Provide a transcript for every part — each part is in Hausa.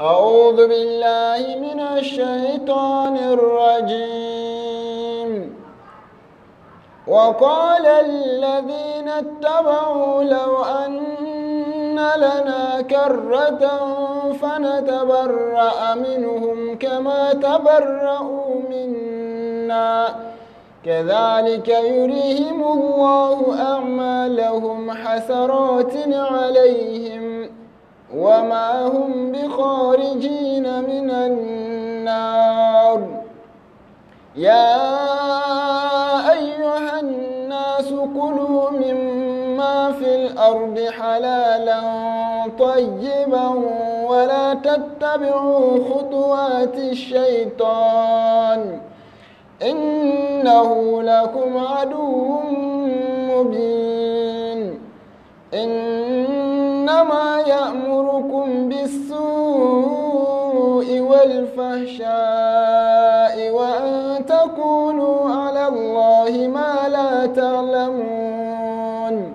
أعوذ بالله من الشيطان الرجيم وقال الذين اتبعوا لو أن لنا كرة فنتبرأ منهم كما تبرأوا منا كذلك يريهم الله أعمالهم حسرات عليهم وما هم بخارجين من النار يا أيها الناس كلوا مما في الأرض حلالا طيبا ولا تتبعوا خطوات الشيطان إنه لكم عدو مبين إن إنما يأمركم بالسوء والفحشاء وأن تقولوا على الله ما لا تعلمون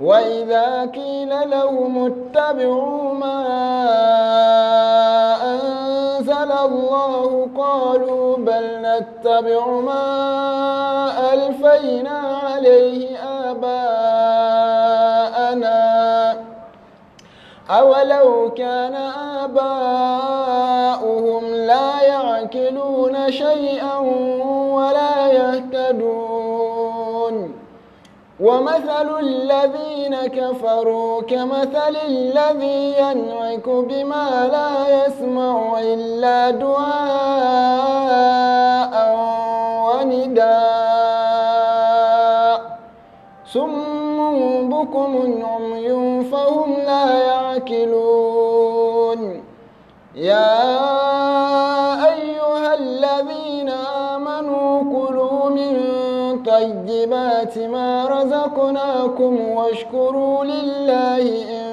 وإذا قيل لهم اتبعوا ما أنزل الله قالوا بل نتبع ما ألفينا عليه آباءنا أولو كان آباؤهم لا يعقلون شيئا ولا يهتدون ومثل الذين كفروا كمثل الذي ينعك بما لا يسمع إلا دعاء ونداء ثم ربكم عمي فهم لا يعقلون يا أيها الذين آمنوا كلوا من طيبات ما رزقناكم واشكروا لله إن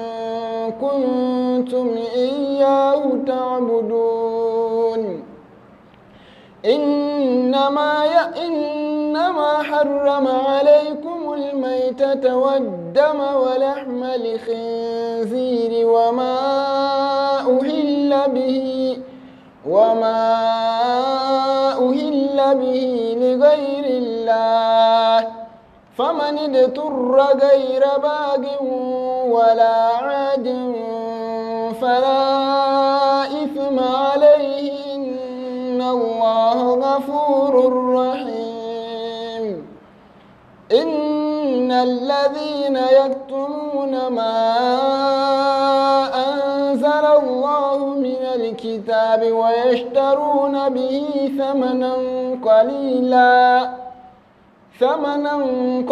كنتم إياه تعبدون إنما يئن إنما حرم عليكم الميتة والدم ولحم الخنزير وما أهل به وما أهل به لغير الله فمن اضطر غير باغ ولا عاد فلا إثم عليه إن الله غفور رحيم إن الذين يكتمون ما أنزل الله من الكتاب ويشترون به ثمنا قليلا ثمنا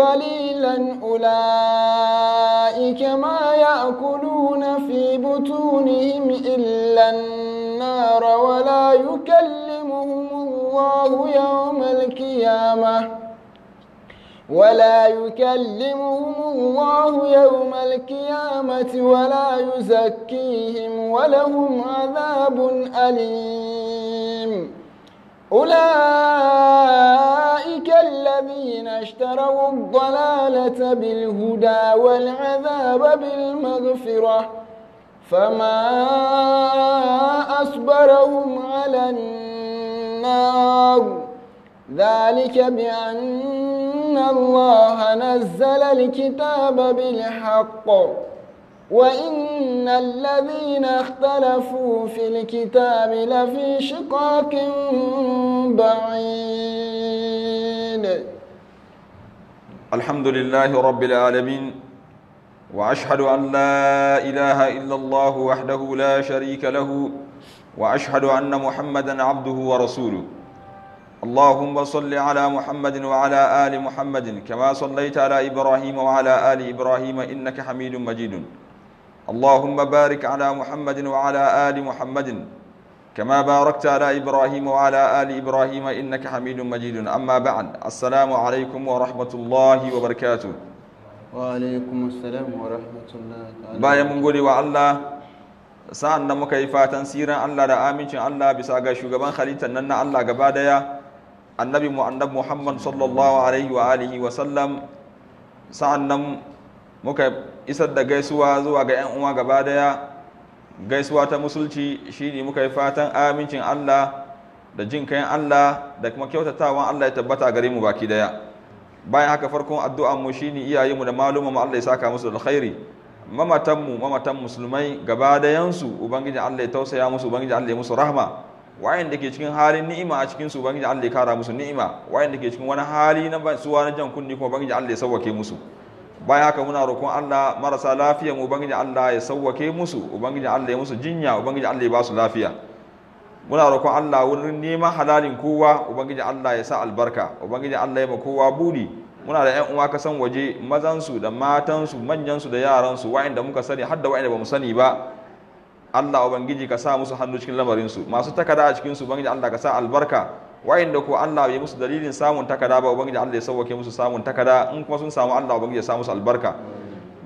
قليلا أولئك ما يأكلون في بطونهم إلا النار ولا يكلمهم الله يوم القيامة ولا يكلمهم الله يوم القيامة ولا يزكيهم ولهم عذاب أليم أولئك الذين اشتروا الضلالة بالهدى والعذاب بالمغفرة فما أصبرهم على النار ذلك بأن الله نزل الكتاب بالحق وإن الذين اختلفوا في الكتاب لفي شقاق بعيد الحمد لله رب العالمين وأشهد أن لا إله إلا الله وحده لا شريك له وأشهد أن محمدا عبده ورسوله اللهم صل على محمد وعلى آل محمد كما صليت على إبراهيم وعلى آل إبراهيم إنك حميد مجيد اللهم بارك على محمد وعلى آل محمد كما باركت على إبراهيم وعلى آل إبراهيم إنك حميد مجيد أما بعد السلام عليكم ورحمة الله وبركاته وعليكم السلام ورحمة الله بايا من قولي وعلى sa'an nan muka yi fatan siran Allah da amincin Allah bisa ga shugaban halittar nan na annabi mu muhammad sallallahu alaihi wa alihi wa sallam sa'an nan muka isar da gaisuwa zuwa ga yan uwa gaba daya gaisuwa ta musulci shine muka yi fatan amincin Allah da jin kayan Allah da kuma kyautatawan Allah ya tabbata gare mu baki daya bayan haka farkon addu'an mu shine iyayenmu da maluma mu Allah ya saka musu alkhairi mamatan mu mamatan musulmai gaba dayansu ubangiji Allah ya tausaya musu ubangiji Allah ya musu rahma Wayan da ke cikin halin ni'ima a cikin su ubangiji Allah ya kara musu ni'ima da ke cikin wani hali na suwa na jan kunni kuma ubangiji Allah ya sauke musu Baya haka muna roƙon Allah marasa lafiya mu ubangiji Allah ya sauwake musu ubangiji Allah ya musu jinya ubangiji Allah ya ba su lafiya muna roƙon Allah wurin neman halalin kowa ubangiji Allah ya sa albarka ubangiji Allah ya ma kowa buri muna da ƴan uwa kasan waje mazansu da matansu manyansu da yaransu wayanda muka sani har da wayanda mu sani ba Allah ubangiji ka sa musu hannu cikin lamarinsu masu takada a cikinsu su ubangiji Allah ka sa albarka wayanda ko Allah ya musu dalilin samun takada ba ubangiji Allah ya sauke musu samun takada in kuma sun samu Allah ubangiji ya sa musu albarka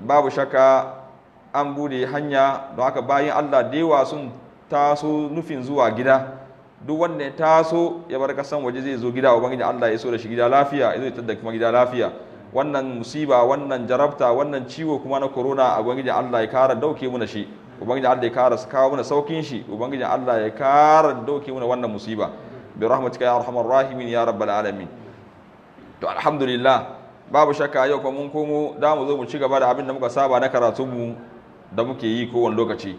babu shaka an bude hanya don haka bayan Allah da yawa sun taso nufin zuwa gida duk wanda ya taso ya bar kasan waje zai zo gida ubangiji Allah ya so da shi gida lafiya ya zo ya tada kuma gida lafiya wannan musiba wannan jarabta wannan ciwo kuma na corona ubangiji Allah ya kara dauke mu na shi ubangiji Allah ya kara kawo mana saukin shi ubangiji Allah ya kara dauke mana wannan musiba bi rahmatika ya arhamar rahimin ya rabbal alamin to alhamdulillah babu shakka yau kuma mun komo da mu zo mu ci gaba da abin da muka saba na karatu mu da muke yi kowane lokaci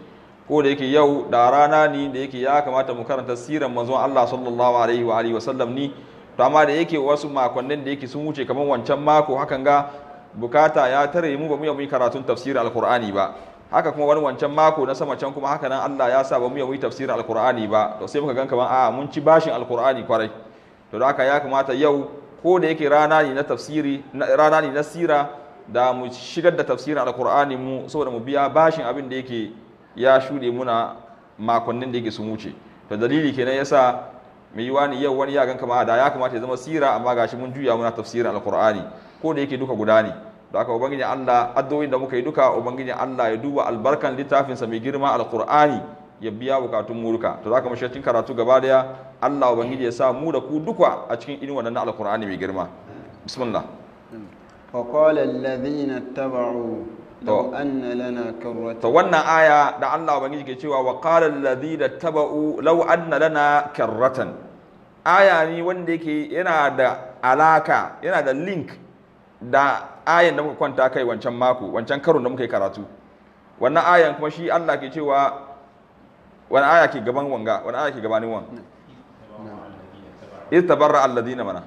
ko da yake yau da rana ne da yake ya kamata mu karanta siran manzon Allah sallallahu alaihi wa alihi wasallam ni to amma da yake wasu makonnin da yake sun wuce kamar wancan mako hakan ga bukata ya tare mu ba mu yi karatun tafsirin alqur'ani ba haka kuma wani wancan mako na sama can kuma haka nan Allah ya sa ba mu yi tafsirin alkur'ani ba to sai muka gan kaman a mun ci bashin alkur'ani kwarai to da haka ya kamata yau ko da yake rana ne na tafsiri rana ne na sira da mu shigar da tafsirin alkur'ani mu saboda mu biya bashin abin da yake ya shuɗe muna makonnin da yake su muce to dalili kenan yasa mai yi wani yau wani ya gan kama da ya kamata ya zama sira amma gashi mun juya muna tafsirin alkur'ani ko da yake duka guda ne da haka ubangiji Allah addu'o'in da muka yi duka ubangiji Allah ya duba albarkan littafinsa mai girma alqur'ani ya biya bukatun muruka to zaka mu cikin karatu gaba daya Allah ubangiji ya sa mu da ku duka a cikin irin wannan alqur'ani mai girma bismillah wa qala alladhina ittaba'u to wannan aya da Allah ubangiji ke cewa wa qala alladhina taba'u law anna lana karratan aya ne wanda yake yana da alaka yana da link da ayan da muka kwanta kai wancan mako wancan karon da muka yi karatu wannan ayan kuma shi Allah ke cewa wani aya ke gaban wanga wani aya ke gabanin wan iz tabarra alladhina mana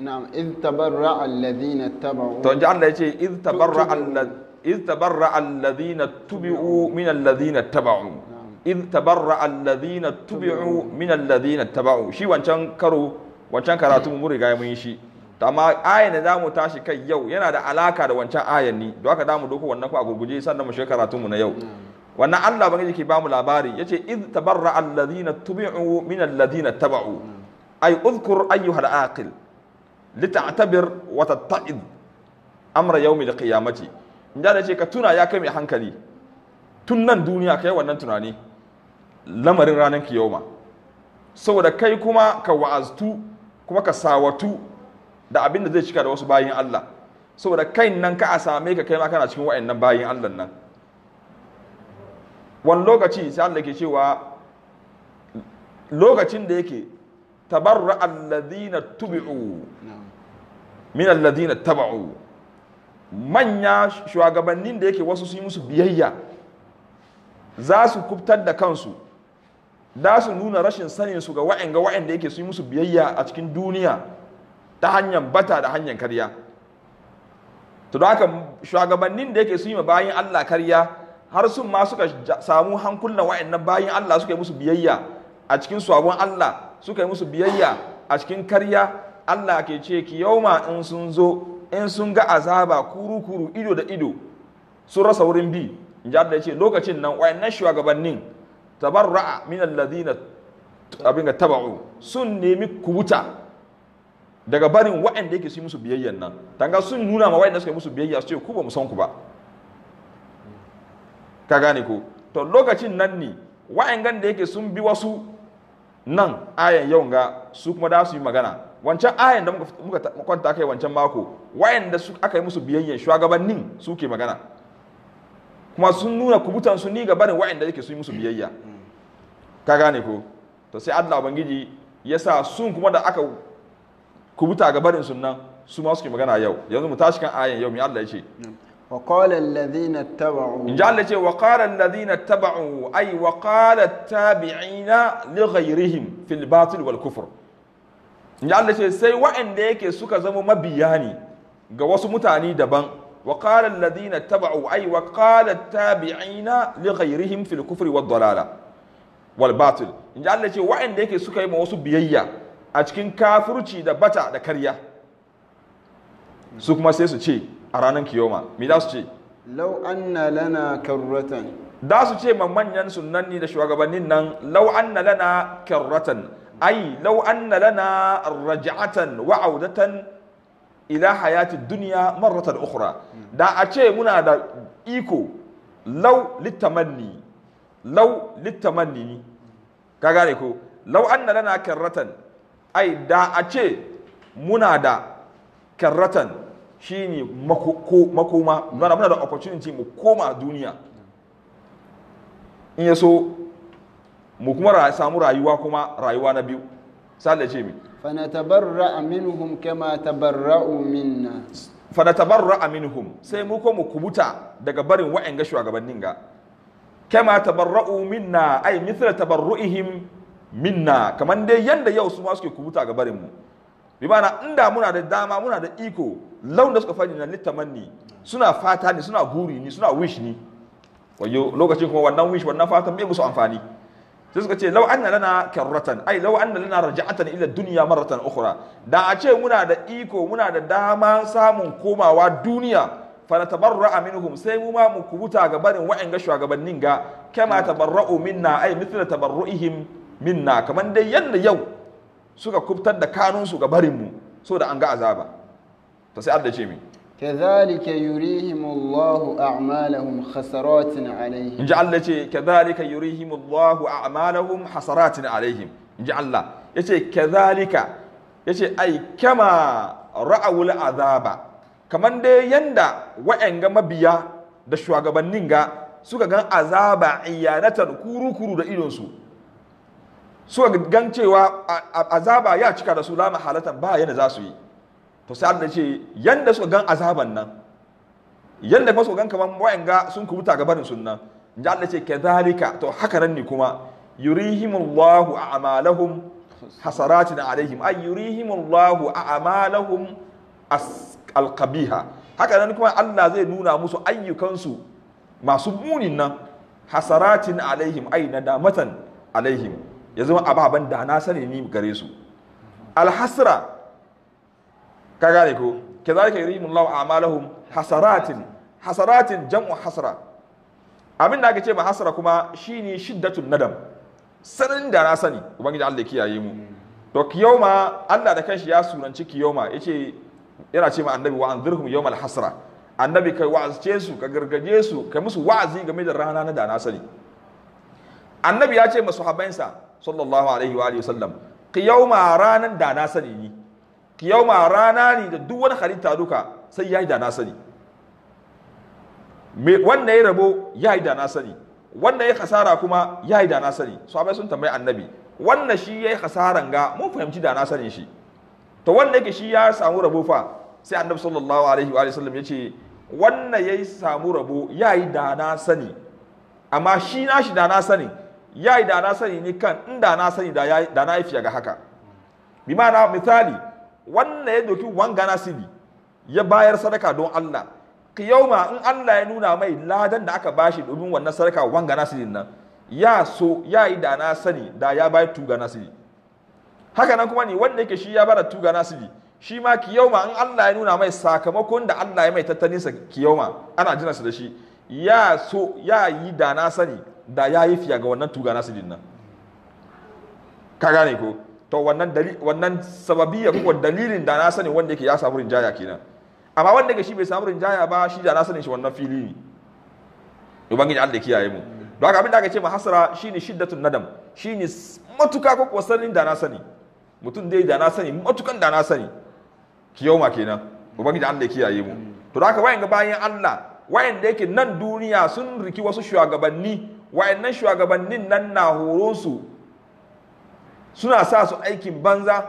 na'am iz tabarra alladhina tabu to inji Allah yace iz tabarra alladhina iz tabarra alladhina tubu min alladhina tabu iz tabarra alladhina tubu min alladhina tabu shi wancan karo wancan karatu mun riga mun yi shi to amma ayan da zamu tashi kai yau yana da alaka da wancan ayan ni don haka zamu doko wannan ku a gurguje sannan mu shiga karatun na yau wannan Allah bangiji ke mu labari yace id tabarra alladhina tubi'u min alladhina taba'u ay udhkur ayyuha al-aqil lita'tabir wa tatta'id amra yawmi al-qiyamati inda da ce ka tuna ya kai mai hankali tun nan duniya kayi wannan tunani lamarin ranar kiyoma saboda kai kuma ka wa'aztu kuma ka sawatu da abin da zai cika da wasu bayin Allah saboda kai nan ka a same ka kai ma kana cikin wa'annan bayin Allah nan wani lokaci sai Allah ke cewa lokacin da yake tabarra alladhina tubi'u min alladhina taba'u manya shugabannin da yake wasu su yi musu biyayya za su kubtar da kansu za su nuna rashin sanin su ga wa'in ga wa'in da yake su yi musu biyayya a cikin duniya ta hanyar bata da hanyar karya to da haka shugabannin da yake su yi ma bayan Allah karya har sun ma suka samu hankulan wa'annan bayan Allah suka yi musu biyayya a cikin sabon Allah suka yi musu biyayya a cikin karya Allah ke ce ki yauma in sun zo in sun ga azaba kuru kuru ido da ido sun rasa wurin bi in ji Allah ya ce lokacin nan wa'annan shugabannin tabarra'a min alladhina abin ga taba'u sun nemi kubuta daga barin waɗanda yake su yi musu biyayyan nan tanga sun nuna ma waɗanda suka yi musu biyayya su ce ku ba mu ku ba ka gane ko to lokacin nan ne gan da yake sun bi wasu nan ayan yau ga su kuma da su yi magana wancan ayan da muka kwanta kai wancan mako waɗanda su aka yi musu biyayyan shugabannin su ke magana kuma sun nuna kubutan su ni ga barin waɗanda yake su yi musu biyayya ka gane ko to sai Allah ubangiji ya sa sun kuma da aka ku buta ga barin sunna su ma suke magana yau yanzu mu tashi kan ayan yau me Allah ya ce wa qala alladhina tabau in ja Allah ya ce wa qala alladhina tabau ay wa qala tabi'ina li ghayrihim fil batil wal kufr in ja Allah ya ce sai wa'anda yake suka zama mabiya ne ga wasu mutane daban wa qala alladhina tabau ay wa qala tabi'ina li ghayrihim fil kufri wad dalala wal batil in ja Allah ya ce wa'anda yake suka yi ma wasu biyayya a cikin kafurci da bata da karya su kuma sai su ce a ranar kiyoma me za su ce lau anna lana karratan da su ce ma manyan sunanni da shugabannin nan lau anna lana karratan ai lau anna lana raj'atan wa audatan ila hayati duniya marratan ukhra da a ce muna da iko lau litamanni lau litamanni ka gane ko lau anna lana karratan ai da a ce muna da karratan ne makoma muna muna da opportunity mu koma duniya in yaso mu kuma samu rayuwa kuma rayuwa na biyu sai ce mi fanatabarra minhum kama tabarra'u sai mu mu kubuta daga barin gashuwa gabanin ga kama tabarra'u minna ai mithla tabarru'ihim minna kamar dai yanda yau su ma suke kubuta ga barinmu. mu bi mana inda muna da dama muna da iko launin da suka fadi na litamanni suna fata ne suna guri ne suna wish ne wayo lokacin kuma wannan wish wannan fatan bai musu amfani sai suka ce lau anna lana karratan ai lau anna lana raja'atan ila dunya marratan ukhra da a ce muna da iko muna da dama samun komawa duniya fa tabarra'a minhum sai mu ma mu kubuta ga barin ga shugabannin ga kama tabarra'u minna ai mithla tabarru'ihim minna kamar dai yadda yau suka kubtar da kanunsu ga barinmu so da an ga azaba ta sai adda ce mi kazalika yurihimullahu a'malahum khasaratin alaihim inji Allah ce kazalika yurihimullahu a'malahum hasaratin alaihim inji Allah yace kazalika yace ai kama ra'awul azaba kamar dai yanda wa'en ga mabiya da shugabannin ga suka gan azaba kuru kuru da idonsu su suka gan cewa azaba ya cika da su lama halatan ba yadda za su yi to sai Allah ce yanda suka gan azaban nan yanda fa suka gan kaman wayanga sun kubuta ga barin sunna inji Allah ce ke zalika to haka nan ne kuma yurihimullahu a'malahum hasaratin alaihim ay yurihimullahu a'malahum alqabiha haka nan kuma Allah zai nuna musu ayyukansu masu munin nan hasaratin alaihim ay nadamatan alaihim ya zama ababen da na sani ni gare su alhasra ka gane ko kazalika a a'malahum hasaratin hasaratin jam'un hasara. abin da aka ce ma hasara kuma shi ne shiddatun nadam sanin da na sani ubangiji Allah kiyaye mu to kiyoma Allah da kanshi ya sunanci kiyoma yace yana ce ma annabi wa anzirhum yau malhasara annabi kai wa'azce su ka gargaje su kai musu wa'azi game da rana na da na sani annabi ya ce ma sahabbansa sallallahu alaihi wa sallam Qiyauma ranan da na sani ni Qiyauma rana ni da duk wani halitta duka sai yayi da na sani me wanda ya rabo yayi da na sani wanda ya hasara kuma yayi da na sani sahabbai sun tambayi annabi wannan shi yayi hasaran ga mun fahimci da na sani shi to wanda yake shi ya samu rabo fa sai annabi sallallahu alaihi wa sallam ya ce wannan yayi samu rabo yayi da na sani amma shi na shi da na sani ya yi da na sani ni kan inda na sani da na yi ga haka bi na misali wannan ya doki wanga na sidi ya bayar sadaka don Allah kiyauma in Allah ya nuna mai ladan da aka bashi domin wannan sadaka wanga na sidin nan ya so ya yi da na sani da ya bayar tuga na sidi haka nan kuma ne wanda yake shi ya bada tuga na sidi shi ma kiyauma in Allah ya nuna mai sakamakon da Allah ya mai tattalinsa kiyauma ana jinasa su da shi ya so ya yi da na sani da ya yi fiya ga wannan tuga nasu dinnan ka gane ko to wannan wannan ya kuwa dalilin da na sani wanda yake ya samu rinjaya kenan amma wanda yake shi bai samu rinjaya ba shi da na sani shi wannan fili ne ubangiji Allah ya kiyaye mu don haka abin da aka ce mahasara shine shiddatun nadam shine matuka ko kuwa sanin da na sani mutum dai da na sani matukan da na sani kiyoma kenan ubangiji Allah ya kiyaye mu to da haka wayan ga bayan Allah wayan da yake nan duniya sun riki wasu shugabanni wa'annan shugabannin nan na horonsu suna sa su aikin banza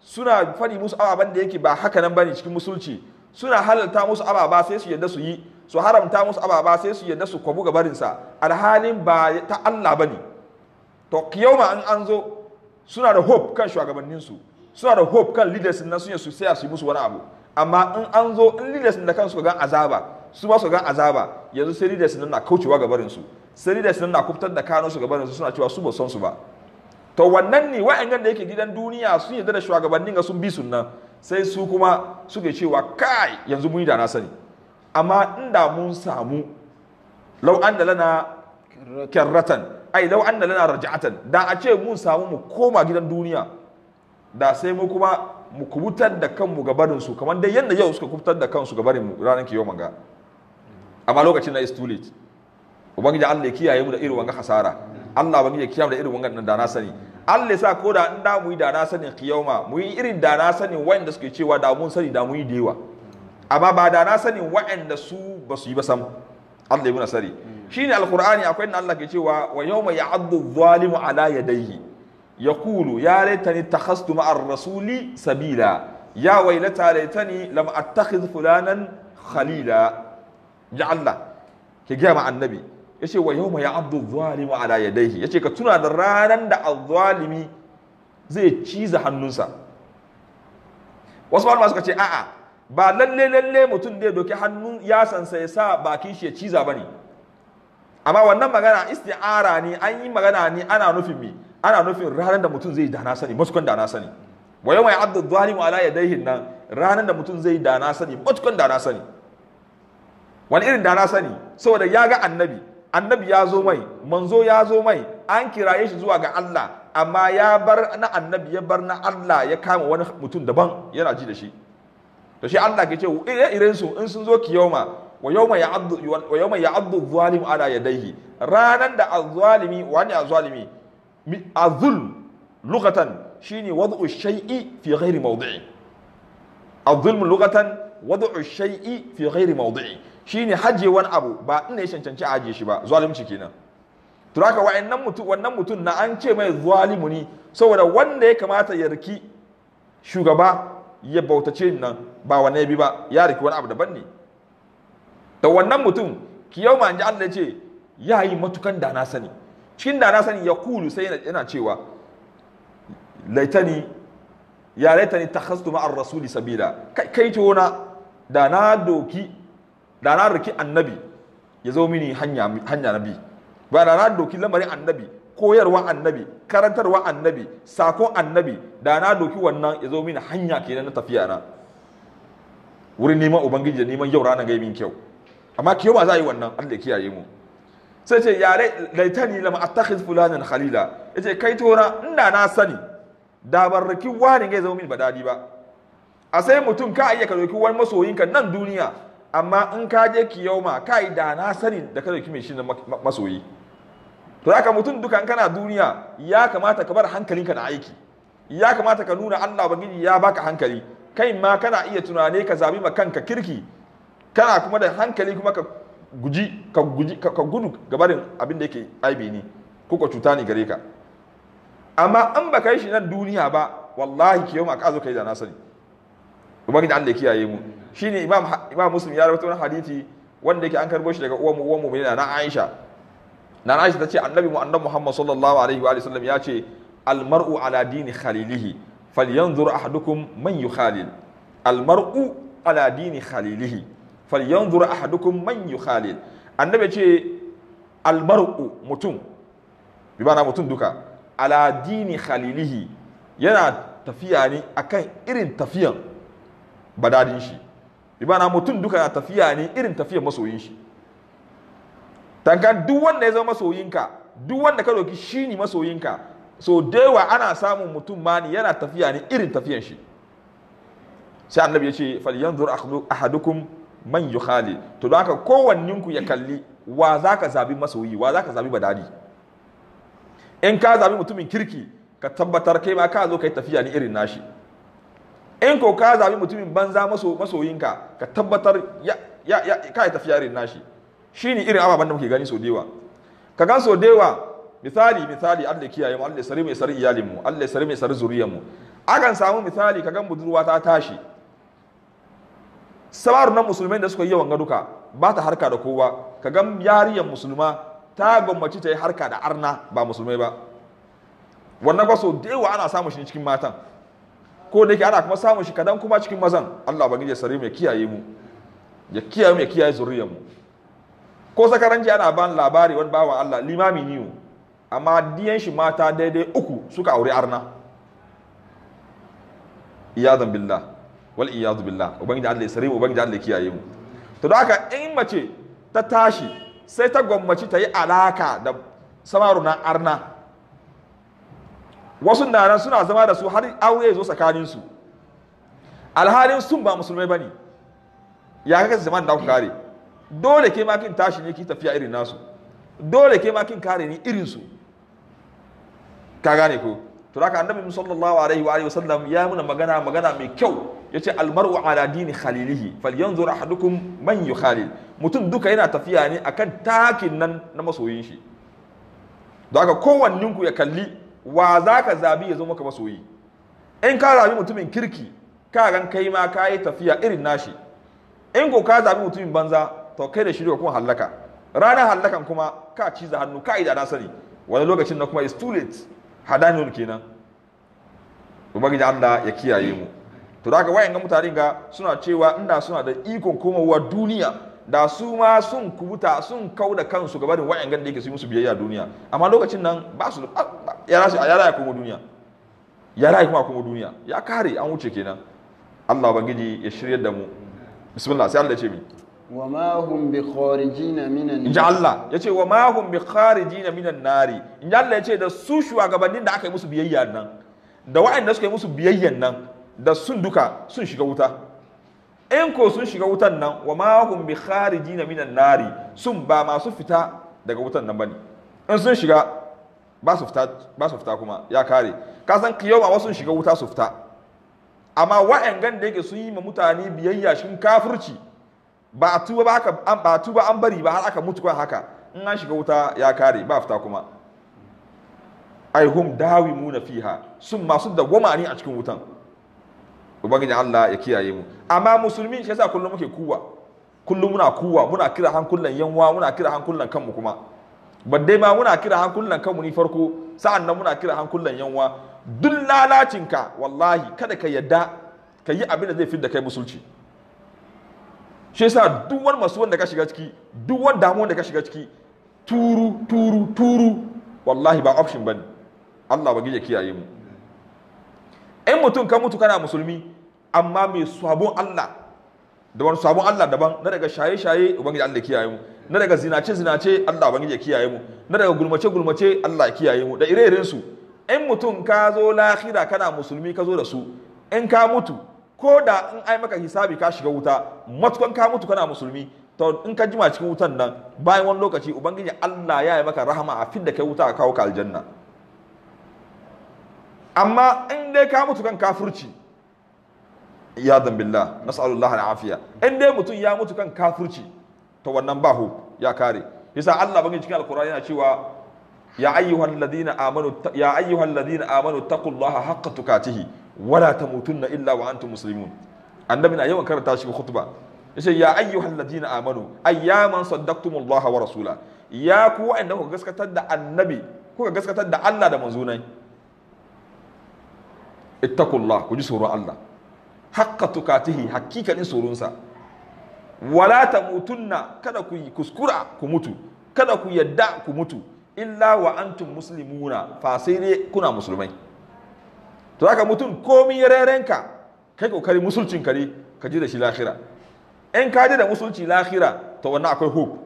suna fari musu ababen da yake ba haka nan bane cikin musulci suna halalta musu ababa sai su yadda su yi su haramta musu ababa sai su yadda su kwabu gabarinsa alhalin ba ta Allah bane to ma an an zo suna da hope kan shugabanninsu suna da hope kan leaders nan sun su sai su yi musu wani abu amma in an zo in leaders da kansu ga azaba su ba su ga azaba yanzu sai leaders nan na kaucewa gabarinsu sai da nan na kuftar da kano shugabannin su suna cewa su ba son su ba to wannan ne wa'annan da yake gidan duniya sun yarda da shugabannin ga sun bi sunan. sai su kuma suke cewa kai yanzu mun yi da na sani amma inda mun samu lau an da lana kyarratan ai lau an da lana raja'atan da a ce mun samu mu koma gidan duniya da sai mu kuma mu kubutar da kanmu gabarin su kamar dai yadda yau suka kubutar da kansu gabarin mu ranar kiyo amma lokacin na is too late ubangiji Allah ya kiyaye mu da irin wannan hasara Allah ubangiji ya kiyaye da irin wannan da na sani Allah ya sa ko da in mu yi da na sani kiyama mu yi irin da na sani wanda suke cewa da mun sani da mu yi da yawa amma ba da na sani wa'anda su ba su yi ba sam Allah ya muna sani. shine alqur'ani akwai inda Allah ke cewa wa yawma ya'addu adh-dhalimu ala yadayhi yaqulu ya laitani takhastu ma'ar rasuli sabila ya wailata laitani lam attakhidh fulanan khalila ya Allah ke gaya ma annabi yace wa yawma ya'addu adh-dhalimu ala ya yace ka tuna da ranan da adh-dhalimi zai ciza hannunsa wasu malama suka ce a'a ba lalle lalle mutum da ya doki hannun sansa ya sa bakin shi ya ciza bane amma wannan magana isti'ara ne an yi magana ne ana nufin mi ana nufin ranar da mutum zai dana sani matukon dana sani wa yawma ya'addu adh-dhalimu ala yadayhi nan ranar da mutum zai dana sani matukon dana sani wani irin dana sani saboda ya ga annabi annabi ya zo mai manzo ya zo mai an kiraye shi zuwa ga Allah amma ya bar na annabi ya bar na Allah ya kama wani mutum daban yana ji da shi to shi Allah ke ce ire-iren su in sun zo kiyoma wa yawma ya'addu wa yawma ya'addu zalim ala yadayhi ranan da azzalimi wani azzalimi azul lughatan shine wad'u shay'i fi ghairi mawdi'i azulmu lughatan wad'u shay'i fi ghairi mawdi'i ne haje wani abu ba inda ya cancanci a ajiye shi ba zalunci kenan to haka wa'annan mutum wannan mutum na an ce mai zalimu ne saboda wanda ya kamata ya riki shugaba ya bautace nan ba wannan bi ba ya riki wani abu daban ne da wannan mutum ma an ji Allah ya ce ya yi matukan da na sani cikin da na sani ya kulu sai yana cewa laitani ya laitani ma'ar rasuli sabila kai kai tona da na doki da na rikin annabi ya zo mini hanya na bi ba da na doki lamarin annabi koyarwa annabi karantarwa annabi sakon annabi da na doki wannan ya zo mini hanya kenan na tafiya na wurin neman ubangiji da neman yau ranar gaimin kyau amma kiyo ba za a yi wannan Allah ya kiyaye mu sai ce yare laitani lam attakhiz fulanan khalila yace kai tona ina na sani da barraki wani ga zo min ba dadi ba a sai mutum ka ayyaka doki wani masoyinka nan duniya amma in ka je ma kai da na sani da ka dauki mai shi na masoyi to zaka mutum duka in kana duniya ya kamata ka bar hankalinka na aiki ya kamata ka nuna Allah ubangiji ya baka hankali kai ma kana iya tunane ka zabi ma kanka kirki kana kuma da hankali kuma ka guji ka guji ka gudu gabarin abin da yake aibe ni ko ka cuta ni gare ka amma in baka yi shi nan duniya ba wallahi ma ka zo kai da na sani ubangiji Allah ya kiyaye mu shine imam imam muslim ya rawaito wani hadisi wanda yake an karbo shi daga uwan mu uwan mu na Aisha na Aisha tace annabi mu annabi Muhammad sallallahu alaihi wa sallam ya ce al mar'u ala dini khalilihi falyanzur ahadukum man yukhalil al mar'u ala dini khalilihi falyanzur ahadukum man yukhalil annabi ce al mar'u mutum bi bana mutum duka ala dini khalilihi yana tafiya ne akan irin tafiyan badadin shi ibana mutum duka na tafiya ne irin tafiyar masoyin shi tankan duk wanda ya zama masoyinka duk wanda ka doki shi ne masoyinka so dewa ana samun mutum ma ne yana tafiya ne irin tafiyan shi sai annabi ya ce falyanzur ahadukum man yukhali to don haka kowanninku ya kalli wa za ka zabi masoyi wa za ka zabi badadi in ka zabi mutumin kirki ka tabbatar kai ma ka zo ka yi tafiya ne irin nashi in ko ka zabi mutumin banza masoyinka ka tabbatar ya ya ya ka yi tafiya rin nashi shine irin ababen da muke gani so dewa ka gan so dewa misali misali Allah kiyaye mu Allah sare mai sare iyalin mu Allah sare mai sare zuriyar mu akan samu misali ka gan budurwa ta tashi sabarun nan musulmai da suka yi yawan gaduka ba ta harka da kowa ka gan yariyar musulma ta gwammaci ta yi harka da arna ba musulmai ba wannan ba da yawa ana samun shi cikin matan ko da yake ana kuma samun shi kadan kuma cikin mazan Allah ubangiji sare mu ya kiyaye mu ya kiyaye mu ya kiyaye zuriyar mu ko sakaranci ana ni labari wani bawan Allah limami niyo amma diyan shi mata daidai uku suka aure arna iyadan billah wal iyadu billah ubangiji Allah ya sare mu ubangiji Allah ya kiyaye mu to don haka in mace ta tashi sai ta gwammaci ta yi alaka da na arna wasu naran suna zama da su har aure zo zo tsakaninsu alhalin sun ba musulmai ba ne ya kaka zaman da ku kare dole ke makin tashi ne ki tafiya irin nasu dole ke makin kare ni irin su ka gane ko to haka annabi sallallahu alaihi wa alihi wasallam ya muna magana magana mai kyau yace almar'u ala dini khalilihi falyanzur ahadukum man yukhalil mutum duka yana tafiya ne akan takin nan na masoyin shi don haka kowanninku ya kalli wa za ka zabi ya zo maka masoyi in ka zabi mutumin kirki ka ran kai ma ka yi tafiya irin nashi in ko ka zabi mutumin banza to kai da shirya kuma hallaka ranar hallakan kuma ka ciza hannu ka yi da sani wani lokacin na kuma is too late hadaniyar kenan ubangiji Allah ya kiyaye mu to daga wayan ga mutane ga suna cewa inda suna da ikon komawa duniya da su ma sun kubuta sun kau da kansu gabanin wayan gan da yake su musu biyayya duniya amma lokacin nan ba su ya rashi ya raya kuma duniya ya kuma kuma duniya ya kare an wuce kenan Allah bangiji ya shiryar da mu bismillah sai Allah ya ce mi wa ma hum bi kharijina minan inji Allah ya ce wa ma hum bi kharijina minan nari inji Allah ya ce da su shugabannin da aka yi musu biyayya nan da waɗanda suka yi musu biyayyan nan da sun duka sun shiga wuta in ko sun shiga wutan nan wa ma hum bi kharijina minan nari sun ba masu fita daga wutan nan bane in sun shiga ba su fita kuma ya kare ka san kiyoma wasu shiga wuta su fita amma gan da yake sun yi ma mutane biyayya shin kafurci ba a tuba ba haka ba tuba an bari ba har aka mutu kan haka in an shiga wuta ya kare ba fita kuma ai hum na fiha sun masu goma ne a cikin wutan ubangiji Allah ya kiyaye mu amma musulmi shi yasa kullum muke kuwa kullum muna kuwa muna kira hankulan yanwa muna kira hankulan kanmu kuma baddai ma muna kira hankulan kanmu ni farko sa'an nan muna kira hankulan yanwa duk lalacinka wallahi kada ka yadda ka yi abin da zai fidda kai musulci shi yasa duk wani masu wanda ka shiga ciki duk wani damuwa da ka shiga ciki turu turu turu wallahi ba option bane Allah ba gije kiyaye mu in mutum ka mutu kana musulmi amma mai sabon Allah daban sabon Allah daban na daga shaye shaye ubangiji Allah kiyaye mu na daga zinace zinace Allah ubangiji ya kiyaye mu na daga gulmace gulmace Allah ya kiyaye mu da ire-iren su in mutum ka zo lahira kana musulmi ka zo da su in ka mutu ko da in ai maka hisabi ka shiga wuta matukan ka mutu kana musulmi to in ka jima cikin wutan nan bayan wani lokaci ubangiji Allah ya yi maka rahama a fidda kai wuta a kawo ka aljanna amma in dai ka mutu kan kafirci ya zambillah nas'alullah al'afiya in dai mutum ya mutu kan kafirci ta wannan bahu ya kare yasa Allah bangin cikin alkura yana cewa ya ayyuhan ladina amanu ya ayyuhal ladina amanu taqullaha haqqa tuqatihi wala tamutunna illa wa antum muslimun annabi na yawan karanta shi khutba yace ya ayyuhan ladina amanu ayyaman saddaqtumullaha wa rasula ya ku wa'anda kuka gaskatar da annabi kuka gaskatar da Allah da manzonai ittaqullah ku ji tsoron Allah haqqa tukatihi hakikanin tsoronsa wala ta mutunna kada ku kuskura ku mutu kada ku yadda ku mutu illa wa antum muslimuna fa sai dai kuna musulmai to haka mutum komi rerenka kai kokari musulcin kare ka ji da shi lahira in ka ji da musulci lahira to wannan akwai hope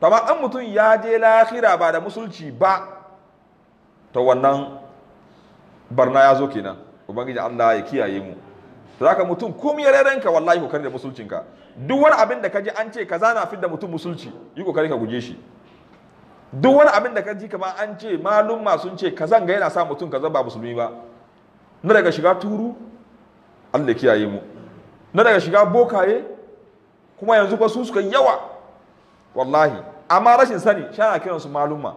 to amma an mutum ya je lahira ba da musulci ba to wannan barna ya zo kenan ubangiji Allah ya kiyaye mu to haka mutum komi rerenka wallahi kokari da musulcin ka. duk wani abin da ka ji an ce kaza na fidda mutum musulci yi kokari ka guje shi duk wani abin da ka ji kamar an ce malumma sun ce kazan ga yana sa mutum kaza ba musulmi ba na daga shiga turu Allah kiyaye mu na daga shiga bokaye kuma yanzu ba su suka yawa wallahi amma rashin sani shana kiransu malumma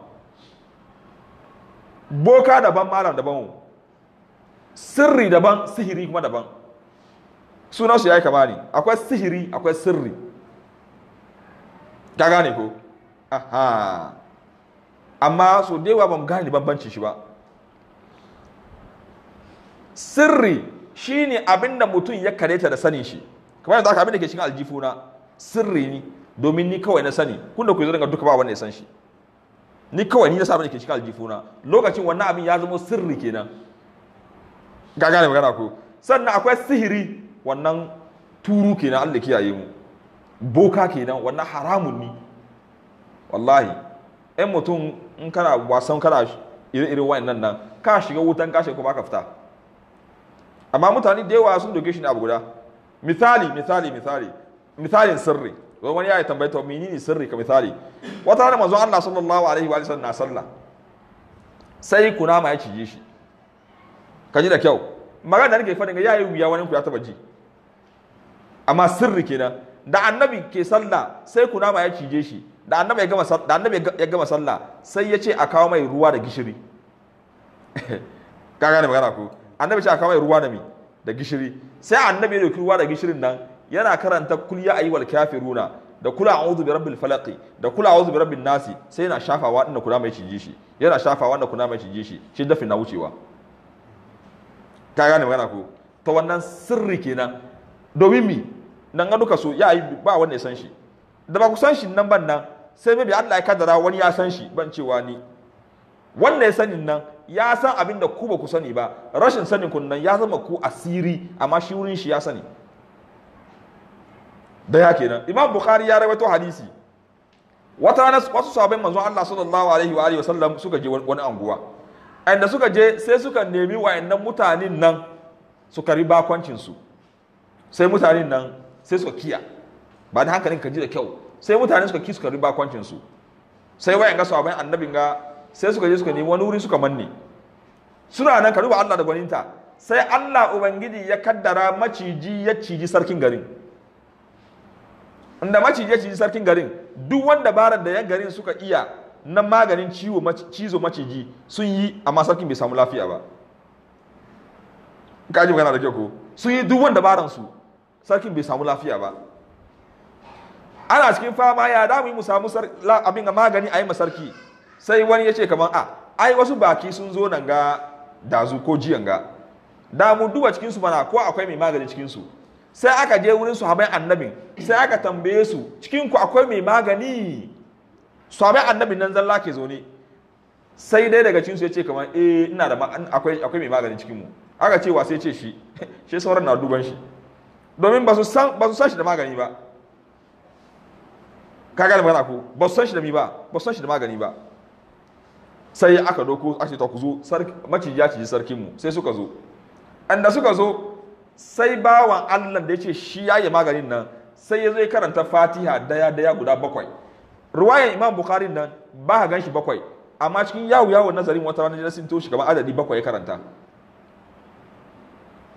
boka daban malam daban sirri daban sihiri kuma daban sunan shi ya yi kama ne akwai sihiri akwai sirri ga gane ko aha amma so da yawa ba mu gane bambancin shi ba sirri shine ne abinda mutum ya kareta da sanin shi kamar yanzu aka abinda ke cikin aljifuna sirri ne domin ni kawai na sani kun da ku zanga duka ba wanda ya san shi ni kawai ni na sa abinda da ke cikin aljifuna lokacin wannan abin ya zama sirri kenan ga gane magana ko sannan akwai sihiri wannan turu kenan Allah kiyaye mu boka kenan wannan haramun ni. wallahi ɗan mutum in kana wasan kana irin wayannan nan ka shiga wutan ka shiga kuma ka fita amma mutane da yawa sun doke shi ne abu guda misali misali misali misalin sirri wani ya yi tambayi wani, menene sirri ka misali wata rana manzon Allah sallallahu alaihi wa sallam na sallah sai ma ya cije shi ka ji da kyau magana da nake faɗin ga yayi wuya wani ku ya taba ji amma sirri kenan da annabi ke sallah sai kunama ya cije shi da annabi ya gama da annabi ya gama sallah sai ya ce a kawo mai ruwa da gishiri ka gane magana ko annabi ce a kawo mai ruwa da mi da gishiri sai annabi ya dauki ruwa da gishirin nan yana karanta kul ya ayyuhal kafiruna da kula a'udhu bi rabbil falaq da kula a'udhu bi rabbin nasi sai yana shafawa inda kunama ya cije shi yana shafawa inda kunama ya cije shi shi dafin na wucewa ka gane magana ko ta wannan sirri kenan domin mi nan ga duka su ya yi ba wanda ya san shi da ba ku san shi nan ban nan sai bi Allah ya kaddara wani ya san shi ban cewa ni wanda ya sanin nan ya san abin da ku ba ku sani ba rashin sanin kun nan ya zama ku asiri amma shi wurin shi ya sani da ya kenan imam bukhari ya rawaito hadisi wata rana wasu sahabbai manzo Allah sallallahu alaihi wa alihi wasallam suka je wani anguwa inda suka je sai suka nemi wayannan mutanen nan su kari bakoncin su sai mutanen nan sai suka kiya ba da hankalin ka ji da kyau sai mutane suka ki suka riba kwancin su sai wayan ga abin annabin ga sai suka je suka nemi wani wuri suka manne suna nan ka duba Allah da gwaninta sai Allah ubangiji ya kaddara maciji ya ciji sarkin garin inda maciji ya ciji sarkin garin duk wanda barar da yan garin suka iya na maganin cizo maciji sun yi amma sarkin bai samu lafiya ba kaji magana da kyau ko sun yi duk wanda baran su sarkin bai samu lafiya ba ana cikin fama ya damu yi mu samu abin magani a yi masarki sai wani ya ce kamar a ah, ai wasu baki sun zo nan ga dazu ko jiyan ga da mu duba cikinsu mana ko akwai mai magani cikinsu sai aka je wurin su sahabai annabin sai aka tambaye su cikinku akwai mai magani su sahabai annabin nan zalla ke zo ne sai dai daga cinsu ya ce kamar eh ina da akwai mai magani cikinmu aka ce wa sai ce shi shi sauran na duban shi domin ba su san shi da magani ba ka gane magana ko ba su san shi da mi ba ba su san shi da magani ba sai aka doko a ce ta ku zo maciji ya ciji sarkinmu sai suka zo da suka zo sai bawan allah da ya ce shi ya yi maganin nan sai ya zai karanta fatiha daya daya guda bakwai ruwayan imam bukhari nan ba ka gan shi bakwai amma cikin yawo yawo nazarin wata ranar jirasin toshi kamar adadi bakwai ya karanta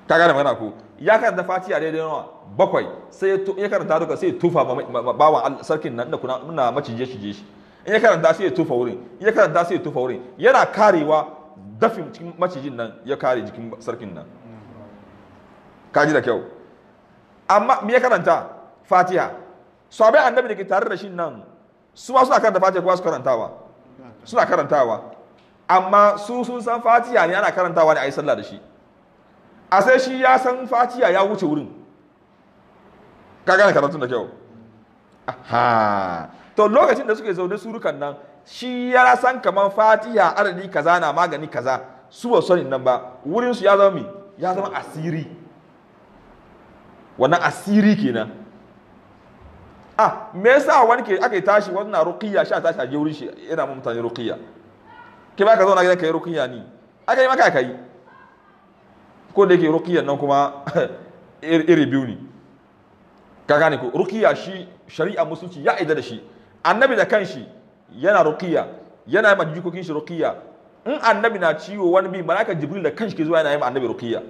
ka gane magana ko ya karanta fatiha daidai nawa bakwai sai ya karanta duka sai ya tufa bawan sarkin nan da kuna muna macije shi je shi in ya karanta sai ya tufa wurin in ya karanta sai ya tufa wurin yana karewa dafin cikin macijin nan ya kare jikin sarkin nan ka ji da kyau amma me ya karanta fatiha sahabai annabi da ke tare da shi nan su ma suna karanta fatiha kuma su karantawa suna karantawa amma su sun san fatiha ne ana karantawa ne a yi sallah da shi a sai shi ya san fatiya ya wuce wurin ka gane karatun da kyau to lokacin da suke zaune surukan nan shi ya san kamar fatiya adadi kaza na magani kaza su ba sanin nan ba wurin su ya zama mi ya zama asiri wannan asiri kenan a ah, me yasa wani ke aka tashi wani na ruqiyya sha tashi a je wurin shi yana mutane ruqiyya ke ba ka zauna gidan yi ruqiyya ni aka yi maka kai ko da yake ruqiyya nan kuma iri biyu ne ka gane ku rukiya shi shari'a musulci ya aida da shi annabi da kanshi yana Rukiya. yana yi majikokin shi rukiya in annabi na ciwo wani bi malaka jibril da kanshi ke zuwa yana yi annabi Rukiya.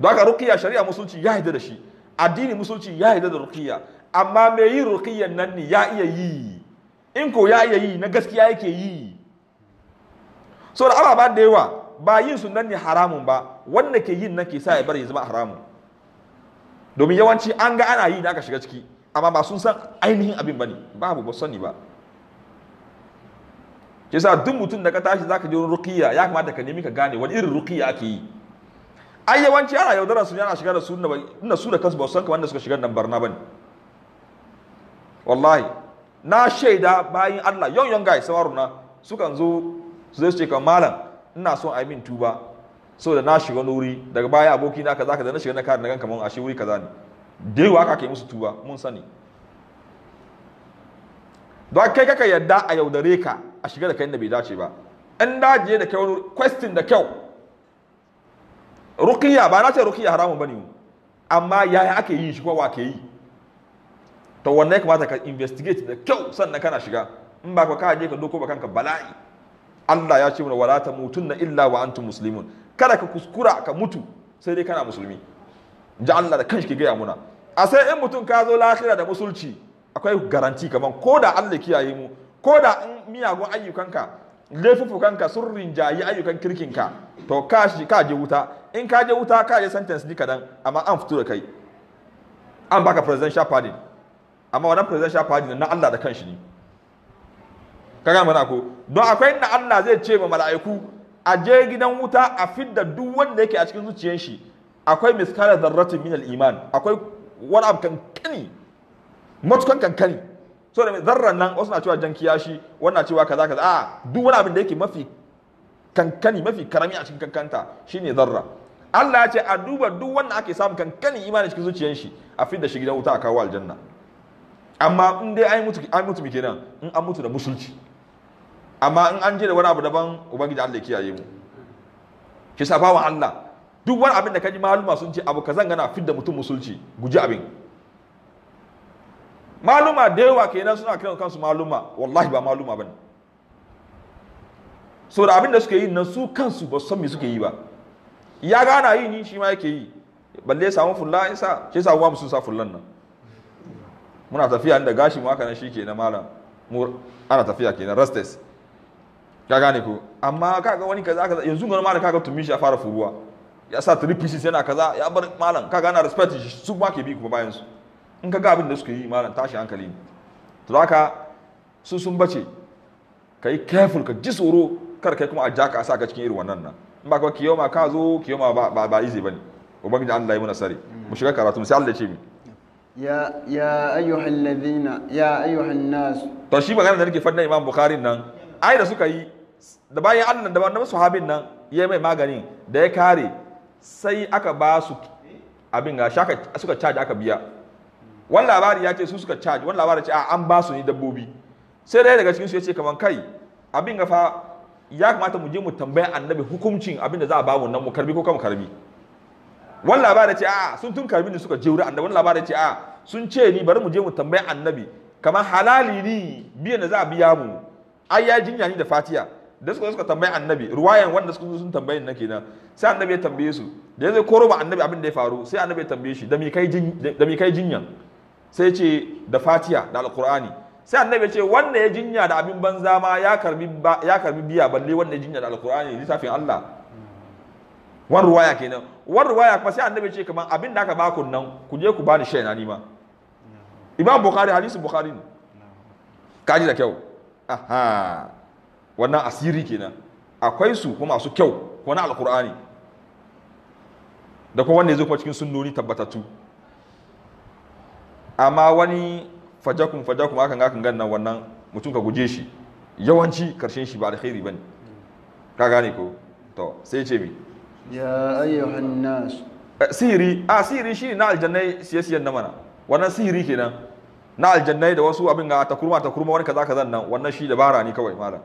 don haka Rukiya shari'a musulci ya aida da shi addini musulci ya aida da Rukiya. amma mai yi Rukiya nan ne ya iya yi in ko ya iya yi na gaskiya yake yi so ababen da yawa ba yin sunan ne haramun ba wanda ke yin nan ke sa ya bar ya zama haramun domin yawanci an ga ana yi da aka shiga ciki amma ba sun san ainihin abin bane babu ba sani ba ke sa duk mutum da ka tashi zaka je ruqiya ya kamata ka nemi ka gane wani irin ruqiya ake yi ai yawanci ana yaudara su yana shiga da su na su da kansu ba san kamar da suka shiga nan barna bane wallahi na shaida bayan Allah yon yon guys sawaruna sukan zo su zai ce kan malam ina son a yi min tuba saboda na shiga wuri daga baya aboki na kaza kaza na shiga na kare na ganka mun ashe wuri kaza ne da yawa aka kai musu tuba mun sani don kai kaka yadda a yaudare ka a shiga da kai da bai dace ba in dajiye da kai wani question da kyau rukiya ba na ce rukiya haramun bane amma yaya ake yi shi kowa ke yi to wannan ya kamata ka investigate da kyau sannan kana shiga in ba ka je ka doko ba kanka bala'i Allah ya ce mana wala na illa wa antum muslimun kada ka kuskura ka mutu sai dai kana musulmi ji Allah da kanshi ke gaya muna a sai in mutum ka zo lahira da musulci akwai garanti kaman ko da Allah kiyaye mu ko da in miyagun ayyukanka laifufukanka sun rinjayi ayyukan kirkinka to ka shi ka je wuta in ka je wuta ka je sentence ni kadan amma an fito da kai an baka presidential pardon amma wannan presidential pardon na Allah da kanshi ne ka gane mana ko don akwai inda Allah zai ce ma mala'iku a je gidan wuta a fidda duk wanda yake a cikin zuciyar shi akwai miskala zarratin min iman akwai wani abu kankani matukan kankani so da zarran nan wasu na cewa jan kiyashi wannan cewa kaza kaza a duk wani abin da yake mafi kankani mafi karami a cikin kankanta shine zarra Allah ya ce a duba duk wanda ake samu kankani imani cikin zuciyar shi a fidda shi gidan wuta a kawo aljanna amma in dai an mutu an mutu kenan in an mutu da musulci amma in an je da wani abu daban ubangiji Allah ya kiyaye mu ki safa wa Allah duk wani abin da kaji maluma sun ce abu kazan gana fidda mutum musulci guji abin maluma da yawa kenan suna kiran kansu maluma wallahi ba maluma bane saboda abin da suke yi nan su kansu ba san me suke yi ba ya gana yi ni shi ma yake yi balle samu fulla isa shi samu ma sun sa fullan nan muna tafiya inda gashi mu haka nan shi kenan malam mu ana tafiya kenan rastes ka gane ko amma kaga wani kaza kaza yanzu ga malam kaga tumi shi ya fara furuwa ya sa three pieces yana kaza ya bar malam kaga ana respect shi su ma ke bi kuma bayan su in kaga abin da suka yi malam tashi hankali ne to haka su sun bace kai careful ka ji tsoro kar kai kuma a ja sa ka cikin irin wannan nan in ba ka kiyoma ka zo kiyoma ba ba ba izi bane ubangiji Allah ya muna sare mu shiga karatu sai Allah ya ce mi ya ya ayyuhal ladina ya ayyuhan nas to shi magana da nake fadda Imam Bukhari nan ai da suka yi da bayan Allah da wannan sahabin nan ya mai magani da ya kare sai aka ba su abin ga shaka suka charge aka biya wani labari ya ce su suka charge wani labari ce an ba su ni dabbobi sai dai daga cikin su ya ce kaman kai abin ga fa ya kamata mu je mu tambaya annabi hukuncin abin da za a ba mu nan mu karbi ko kuma mu karbi wani labari ce a sun tun karbi ne suka je wurin annabi wannan labari ce a sun ce ni bari mu je mu tambaya annabi kamar halali ne biyan da za a biya mu ai ya jinya ni da fatiya da suka suka tambayi annabi ruwayan wanda suka sun tambayin na kenan sai annabi ya tambaye su da zai koro ba annabi abin da ya faru sai annabi ya tambaye shi da mi kai jinya sai ce da fatiya da alqur'ani sai annabi ya ce wanda ya jinya da abin banza ma ya karbi ya karbi biya balle wanda ya jinya da alqur'ani littafin Allah wan ruwaya kenan wan ruwaya kuma sai annabi ya ce kaman abin da aka ba ku nan ku je ku bani shaina na ma imam bukhari hadisi bukhari ne kaji da kyau aha wannan asiri kenan akwai su kuma masu kyau ko na alkur'ani da kuma wanda ya zo kuma cikin sunnoni tabbatattu amma wani fajakun fajakun akan kan gan nan wannan mutum ka guje shi yawanci karshen shi ba alkhairi bane ka gane ko to sai ce bi ya ayyuhan nas eh, sihiri a ah, sihiri shi na aljannai siyasiyan na mana wannan sihiri kenan na aljannai da wasu abin ga takurma takurma wani kaza kaza nan wannan shi dabara ne kawai malam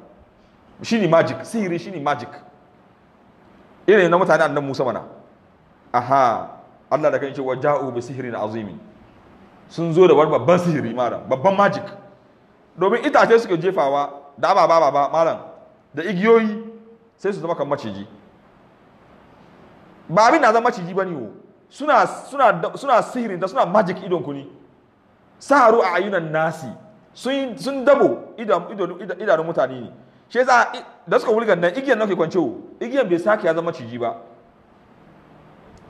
ne magic sihiri ne magic irin na mutane annan Musa mana aha Allah da kan ce waja'u bi na azimi sun zo da wani babban sihiri mara babban magic domin itace suke jefawa da ababa ba malam da igiyoyi sai su zama kan maciji ba abin na zama maciji ba wo suna suna suna da suna magic idon ku ne saharu a ayyunan nasi sun dabo idanun mutane ne shi yasa da suka wulgan nan igiyan nan ke kwance igiyan bai sake ya zama ciji ba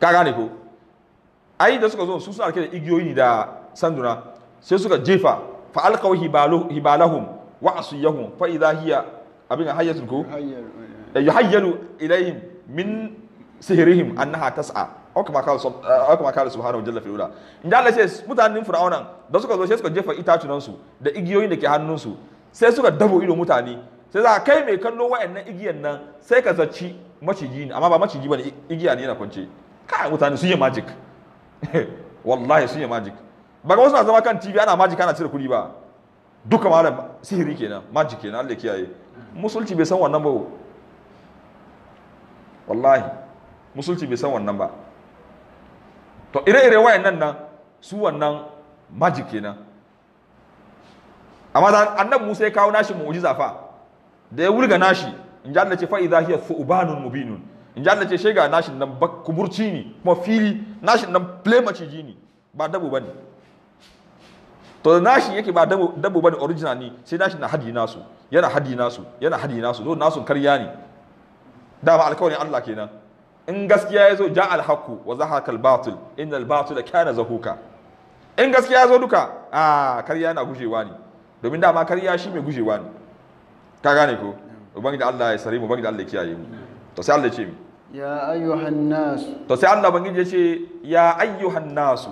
ka gane ko ai da suka zo su suna da igiyoyi da sanduna sai suka jefa fa alqaw hibalahum wa asiyahum fa idha hiya abin hayyatun ko eh, yuhayyalu ilayhim min sihirihim annaha tas'a aw kama qala aw su qala wajen jalla fil ula inda Allah ce mutanen fir'auna da suka zo sai suka jefa itacunansu su da igiyoyin da ke hannun su sai suka dabo ido mutane sai za kai mai kallo wa'annan igiyan nan sai ka zaci maciji ne amma ba maciji ba ne igiya ne yana kwance kai mutane sun yi magic wallahi sun yi magic ba ga wasu na zama kan tv ana magic ana cire kuɗi ba duka malam sihiri kenan magic kenan Allah kiyaye musulci bai san wannan ba wallahi musulci bai san wannan ba to ire-ire wayannan nan su wannan magic kenan amma annabi Musa ya kawo nashi mu'jiza fa da ya wulga nashi in ji Allah ce fa idza hiya thubanun mubinun in ji Allah ce shega nashin nan kumurci ne kuma fili nashin nan plemaci maciji ne ba dabo bane to da nashin yake ba dabo bane original ne sai nashin na hadi nasu yana hadi nasu yana hadi nasu zo nasu karya ne dama alkawarin Allah kenan in gaskiya ya zo ja alhaku wa zahaka albatil inna albatila kana zahuka in gaskiya ya zo duka a ah, karya na gujewa ne domin dama karya shi mai gujewa ne ka gane ko ubangiji Allah ya sare mu ubangiji Allah ya kiyaye mu to sai Allah ya ce mi ya ayyuhan nas to sai Allah ubangiji ya ce ya ayyuhan nas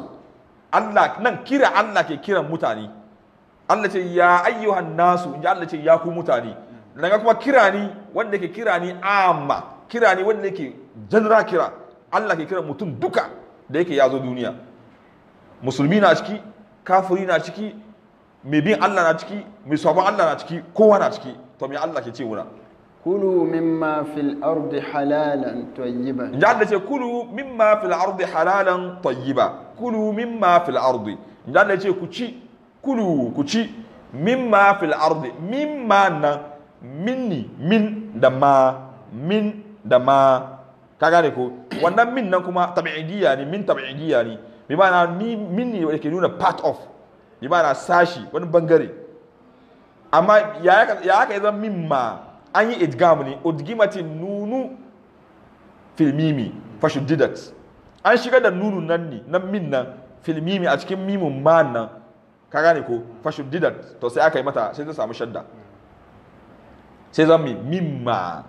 Allah nan kira Allah ke kiran mutane Allah ce ya ayyuhan nas inji Allah ce ya ku mutane daga kuma kira ni wanda ke kira ni amma kira ni wanda ke general kira Allah ke kira mutum duka da yake ya zo duniya musulmi na ciki kafiri na ciki mai bin Allah na ciki mai sabon Allah na ciki kowa na ciki to me Allah ke ce wuna. kulu mimma fil ardi halalan tayyiba ya Allah ce kulu mimma fil ardi halalan tayyiba kulu mimma fil ardi ya Allah ce ku ci kulu ku ci mimma fil ardi mimma na minni min da ma min da ma ka gane ko wannan min nan kuma tabi'idiyya ne min tabi'idiyya ne bi na minni wanda ke nuna part of bi na sashi wani bangare amma ya aka yi zan mimma an yi idgamu ne udgimatin nunu filmimi didat. an shiga da nunu nan ne nan min nan filmimi a cikin mimin ma nan ka gane ko didat. to sai aka yi mata sai ta samu shadda sai zan mimma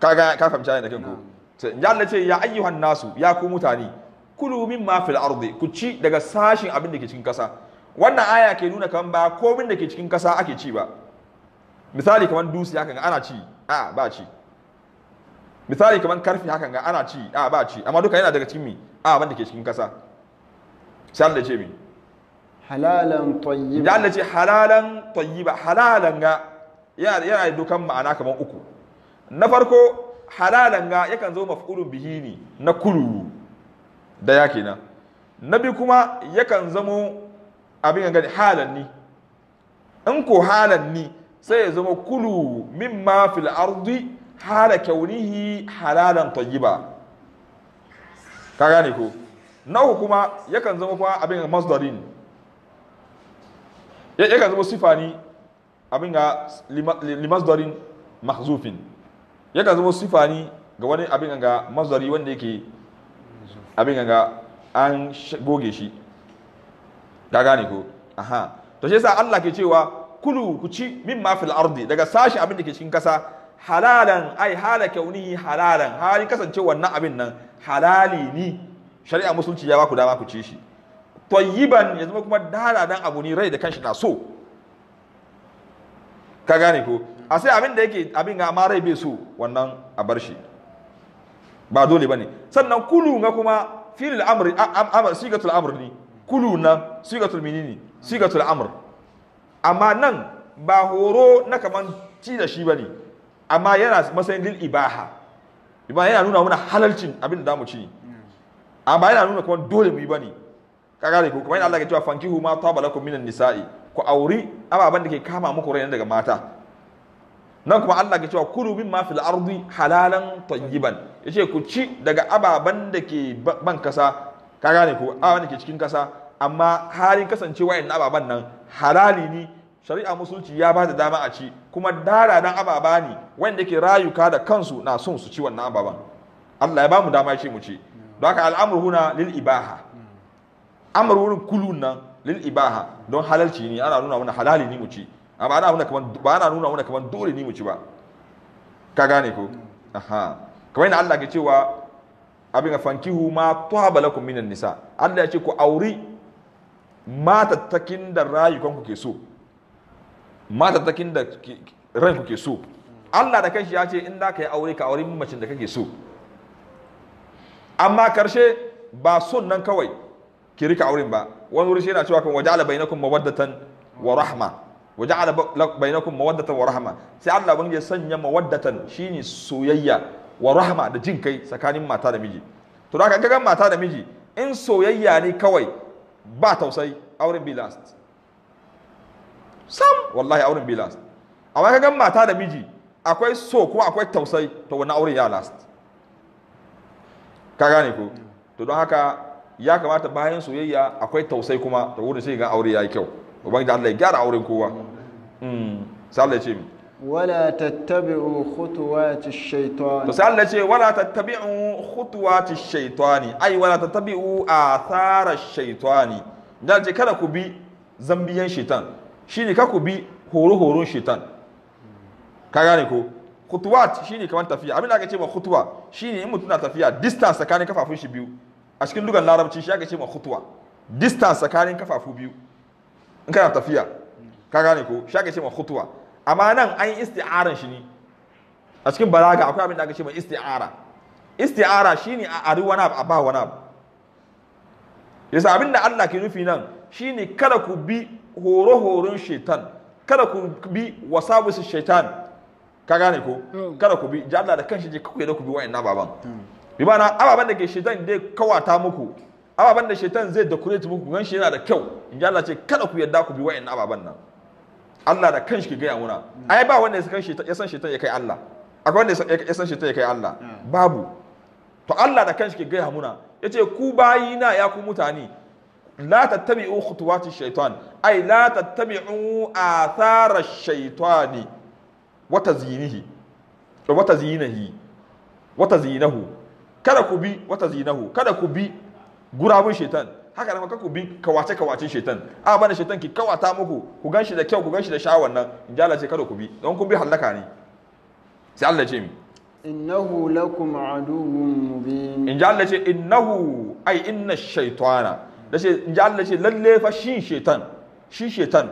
ka ka fahimci ayyana kinku ta in Allah ce ya ayyuhan nasu ya ku mutane kulu mimma fil ardi ku ci daga sashin abin da ke cikin kasa wannan aya ke nuna kan ba komin da ke cikin kasa ake ci ba misali kamar dusi hakan ga ana ci a ba ci misali kamar karfi hakan ga ana ci a ba ci amma duka yana daga cikin mi a abin da ke cikin kasa sai Allah ce mi halalan tayyiba da Allah ce halalan tayyiba halalan ga yana da dukan ma'ana kamar uku na farko halalan ga yakan zo maf'ulun bihi ne na kulu da ya kenan na bi kuma yakan zamo abin an gani halanni in ko halanni sai ya zama kulu min ma fil ardi hala kaunihi halalan tayyiba ka gane ko na kuma yakan zama kuma abin masdarin yakan zama sifani abin ga limasdarin mahzufin yakan zama sifani ga wani abin ga masdari wanda yake abin ga an goge shi ka gane ko aha to shi yasa Allah ke cewa kulu ku ci ma fil ardi daga sashi abin da ke cikin kasa halalan ai hala kaunihi halalan hali kasance wannan abin nan halali ni shari'a musulunci ya ba ku dama ku ci shi tayyiban ya zama kuma dan abu ne rai da kanshi na so ka gane ko a sai abin da yake abin ga ma rai bai so wannan a bar shi ba dole bane sannan kulu ga kuma fil amri amr sigatul amri ni. kulu na sigatul minini sigatul amr amma nan ba horo na kaman ci da shi bane amma yana matsayin lil ibaha ba yana nuna mana halalcin abin da mu ci amma yana nuna kuma dole mu yi bane ka gane ku kuma yana Allah ya cewa fankihu ma taba lakum minan nisa'i ku auri ababan da ke kama muku rai daga mata nan kuma Allah ke cewa kulu min ma fil ardi halalan tayyiban yace ku ci daga ababan da ke ban kasa ka gane ko a wani ke cikin kasa amma halin kasancewa wa'annan ababen nan halali ne shari'a musulci ya ba da dama a ci kuma dan ababa ne wanda ke rayuka da kansu na son su ci wannan ababen Allah ya ba mu dama ce mu ci don haka al'amur huna lil ibaha amr wurin kulun nan lil ibaha don halalci ne ana nuna mana halali ne mu ci amma ana nuna kaman ba ana nuna mana kaman dole ne mu ci ba ka gane ko hmm. aha kamar yadda Allah ke cewa abin a fankihu ma tuhaba lakum minan nisa Allah ya ce ku auri matattakin da rayukan ku ke so matattakin da ku ke so Allah da kanshi ya ce in da ka yi aure ka aure macin da kake so amma karshe ba son nan kawai ki rika auren ba wani wuri shi yana cewa kan waja'ala bainakum mawaddatan wa rahma waja'ala bainakum mawaddatan wa rahma sai Allah wani ya sanya mawaddatan shine soyayya wa rahama da jin kai tsakanin mata da miji to da ka mata da miji in soyayya ne kawai ba tausayi auren bi last sam wallahi auren bi last amma ka ga mata da miji akwai so kuma akwai tausayi to wani auren ya last ka gane ko to don haka ya kamata bayan soyayya akwai tausayi kuma to wurin sai ga aure yayi kyau ubangiji Allah ya gyara auren kowa mm sai Allah ya ce wala tattabi'u khutuwati shaytan to sai Allah ce wala tattabi'u khutuwati shaytani ai wala tattabi'u athara shaytani dan ce kada ku bi zambiyan shaytan shine ka ku bi horo-horon shaytan ka gane ko khutuwat shine kaman tafiya abin da aka ce ma khutuwa shine in mutuna na tafiya distance tsakanin kafafun shi biyu a cikin lugan larabci shi aka ce ma khutuwa distance tsakanin kafafu biyu in kana tafiya ka gane ko shi aka ce ma khutuwa amma nan an yi isti'aran shi ne a cikin balaga akwai abin da aka ce mai isti'ara isti'ara ne a ari wani abu a ba wani abu yasa abin da Allah ke nufi nan shi ne kada ku bi horo-horon shaitan kada ku bi wasabusu shaitan ka gane ko kada ku bi ji Allah da kanshi je kuke da ku bi na baban bi na ababen da ke shaitan dai kawata muku ababen da shaitan zai decorate muku gan shi yana da kyau in ji Allah ce kada ku yadda ku bi na baban nan Allah da kanshi ki gaya muna ai ba wanda ya san shaitan ya kai Allah akwai wanda ya san shaitan ya kai Allah babu to Allah da kanshi ki gaya muna yace ku na ya ku mutane la tattabi'u khutuwati shaitan ai la tattabi'u athara shaitani wa tazyinihi wa tazyinihi wa tazyinahu kada ku bi wa tazyinahu kada ku bi gurabun shaitan haka nan ka ku bi kawace kawacin shaitan a bana shaitan ki kawata muku ku ganshi da kyau ku ganshi da sha'awar nan in ji Allah ce kada ku bi don kun bi halaka ne sai Allah ce mi innahu lakum aduwwun mubin in ji Allah ce innahu ai inna shaytana da ce in ji Allah ce lalle fa shi shaitan shi shaitan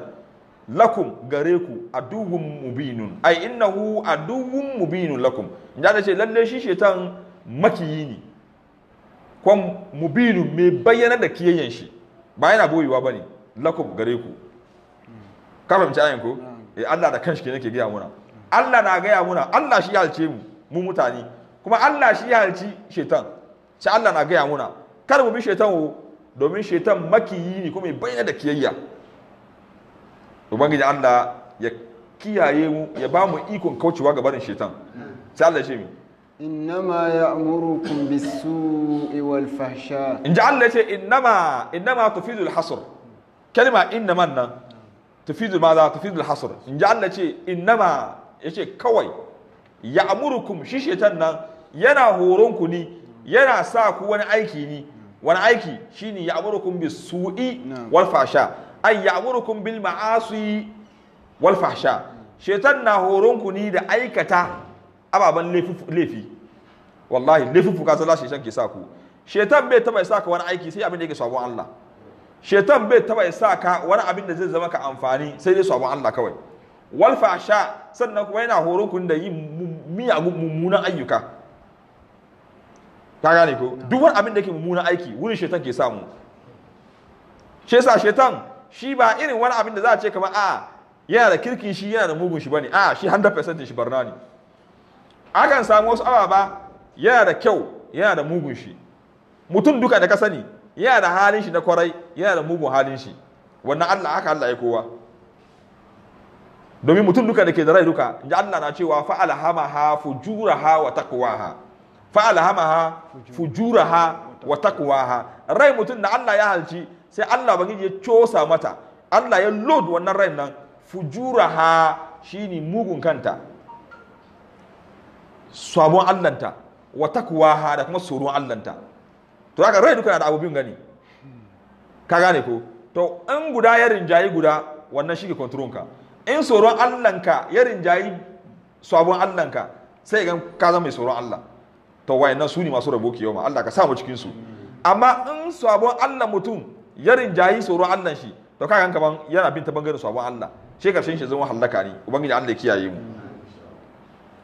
lakum gare ku aduwwun mubinun ai innahu aduwwun mubinun lakum in ji Allah ce lalle shi shaitan makiyi ne kwan mubinu mai bayyana da kiyayen shi ba yana boyewa ne lakum gare ku ka fahimci ayin ko eh Allah da kanshi ne ke gaya muna Allah na gaya muna Allah shi ya halce mu mu mutane kuma Allah shi ya halci shaitan sai Allah na gaya muna kar mu bi shaitan wo domin shaitan makiyi ne kuma mai bayyana da kiyayya ubangiji Allah ya kiyaye mu ya ba mu ikon kaucewa barin shaitan sai Allah ya ce mu innama ya'murukum bis-su'i wal-fahsha inji Allah ce innama innama tufidul hasr kalma innama nan tufidul maza tufidul hasr inji Allah ce innama yace kawai ya'murukum shi shetan nan yana horon ku ni yana sa ku wani aiki ni wani aiki shine ya'murukum bis-su'i wal-fahsha ay ya'murukum bil ma'asi wal-fahsha shetan na horon ku ni da aikata ababen laifi wallahi laifuffuka zalla shi ke sa ku shetan bai taba sa ka wani aiki sai abin da yake sabon Allah shetan bai taba sa ka wani abin da zai zama ka amfani sai dai sabon Allah kawai wal fahsha sannan kuma yana horon ku da yin miyagun mummunan ayyuka Ta gane ko duk wani abin da yake mummunan aiki wurin shetan ke samu shi yasa shetan shi ba irin wani abin da za a ce kamar a ah, yana da kirkin shi yana da mugun shi bane a ah, shi 100% shi barna ne akan samu wasu ababa yana da kyau yana da mugun shi mutum duka da ka sani yana da halin shi na kwarai yana da mugun halin shi wannan Allah aka Allah ya kowa domin mutum duka da ke da rai duka in Allah na cewa fa'ala hama ha fujura ha wa takwa ha fa'ala hama ha fujura ha wa takwa ha rai mutum da Allah ya halci sai Allah bangiji ya cosa mata Allah ya load wannan rai nan fujura ha shine mugun kanta sabon allanta wa takwaha da kuma tsoron allanta to haka rai duka da abubuwan gani ka gane ko to in guda ya rinjayi guda wannan shi ke ka. in tsoron allanka ya rinjayi sabon allanka sai ga ka zama mai tsoron allah to wayannan su ne masu rabo ke yau allah ka samu cikin su amma in sabon allah mutum ya rinjayi tsoron allan shi to kaga kaman yana bin ta bangaren sabon allah shi karshen shi zama hallaka ne ubangiji allah ya kiyaye mu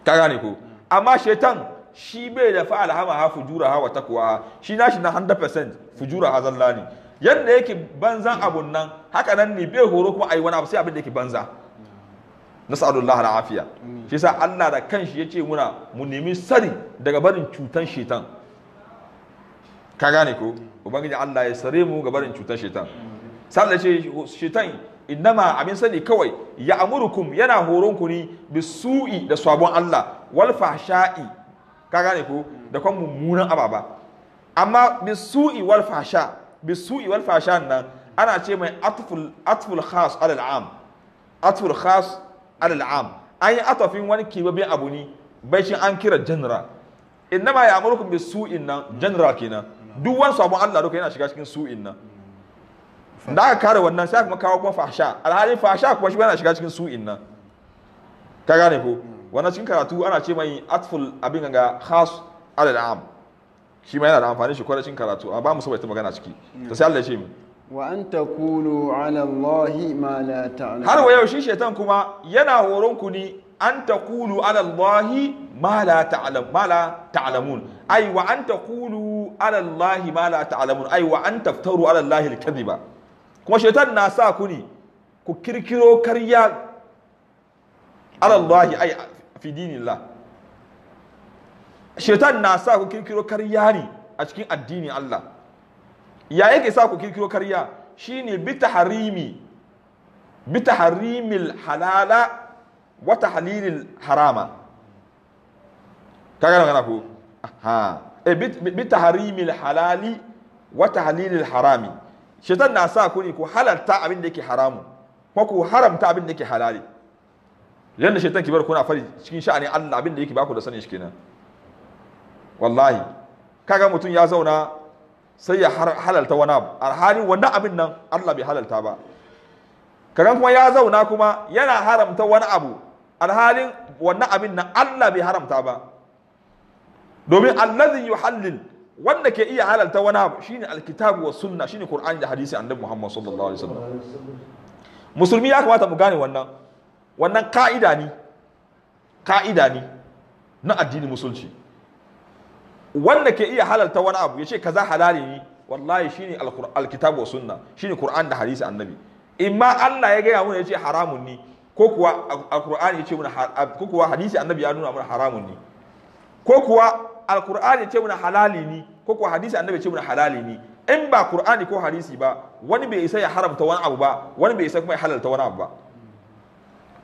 ka gane ko amma shaitan shi bai da ha fujura fujuraha wa taqwaha shi nashi na 100% ha zalla ne yadda yake banzan abun nan haka nan ne bai horo kuma ayi wani abu sai abin da yake banza nas'alullah al'afiya shi yasa Allah da kanshi ce muna mu nemi sari daga barin cutan shaitan ka gane ko ubangiji Allah ya sare mu ga barin cutan shaitan sallah ce shaitan innama abin sani kawai ya amurukum yana horon ku ne bisu'i da sabon Allah wal fahsha'i ka gane ko da kuma mummunan ababa amma su'i wal fahsha su'i wal fahsha nan ana ce mai atful atful khas Alal'am. atful khas Alal'am. an yi atafin wani kibabin abu ne bai shi an kira general ma ya bi bisu'in nan general kenan duk wani sabon Allah duka yana shiga cikin su'in nan da aka kare wannan sai kuma kawo kuma fahsha alhalin fahsha kuma shi yana shiga cikin su'in nan ka gane ko wannan cikin karatu ana ce mai atful abin ga khas alal am shi ma yana da amfani shi kwarai cikin karatu a ba mu saboda magana ciki ta sai Allah ya ce mu wa an taqulu ala allahi ma la ta'lamun har wa yau shi shaitan kuma yana horon ku ni an taqulu ala allahi ma la ta'lam ma la ta'lamun ai wa an taqulu ala allahi ma la ta'lamun ai wa an taftaru ala allahi al-kadhiba kuma shetan na sa ku ni ku kirkiro karya alallahi ai fi dinillah shaitan na sa ku kirkiro karya ne a cikin addinin Allah ya yake sa ku kirkiro karya shine bi taharimi bi taharimil halala wa tahlilil harama kaga magana ku? ha E eh, bi taharimil halali wa tahlilil harami shaitan na sa ku ne ku halalta abin da yake haramu ko ku haramta abin da yake halali yanda shaitan ki bar kuna fari cikin sha'ani Allah abin da yake baku da sanin shi kenan wallahi kaga mutum ya zauna sai ya halalta wani abu alhalin wani abin nan Allah bai halalta ba kaga kuma ya zauna kuma yana haramta wani abu alhalin wannan abin nan Allah bai haramta ba domin allazi yuhallil wanda ke iya halalta wani abu shine alkitabu wa sunna shine qur'ani da hadisi annabi Muhammad sallallahu alaihi wasallam musulmi ya kamata mu gane wannan wannan ka'ida ne ka'ida ne na addini musulci wanda ke iya halalta wani abu ya ce kaza halali ne wallahi shine alkitabu wa sunna shine qur'an da hadisi annabi imma Allah ya gaya mana ya ce haramun ni ko kuwa alqur'ani ya ce mana ko kuwa hadisi annabi ya nuna mana haramun ni ko kuwa alqur'ani ya ce mana halali ne ko kuwa hadisi annabi ya ce mana halali ni in ba qur'ani ko hadisi ba wani bai isa ya haramta wani abu ba wani bai isa kuma ya halalta wani abu ba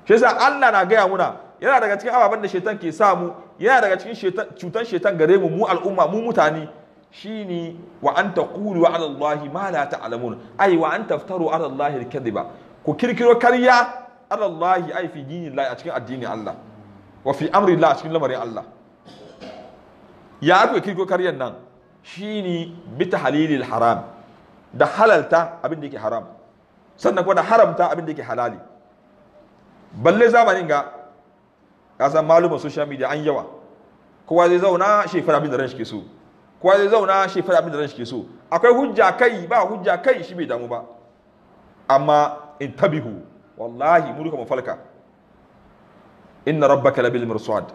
shi yasa Allah na gaya muna yana daga cikin ababen da shetan ke samu yana daga cikin cutan shetan gare mu mu al'umma mu mutane shine wa an taqulu wa Allahi ma la ta'lamun ai wa an taftaru ala kadhiba ku kirkiro karya ala Allah ai fi dinin a cikin addinin Allah wa fi amri Allah a cikin lamarin Allah ya aka kirkiro karyan nan shine bi tahlilil haram da halalta abin da yake haram sannan kuma da haramta abin da yake halali balle zamanin ga ka san malumin social media an yawa kowa zai zauna shi fara abin da ran shi ke so kowa zai zauna shi fara abin da ran shi ke so akwai hujja kai ba hujja kai shi bai damu ba amma in tabihu wallahi mu duka mafalka inna rabbaka labil mirsad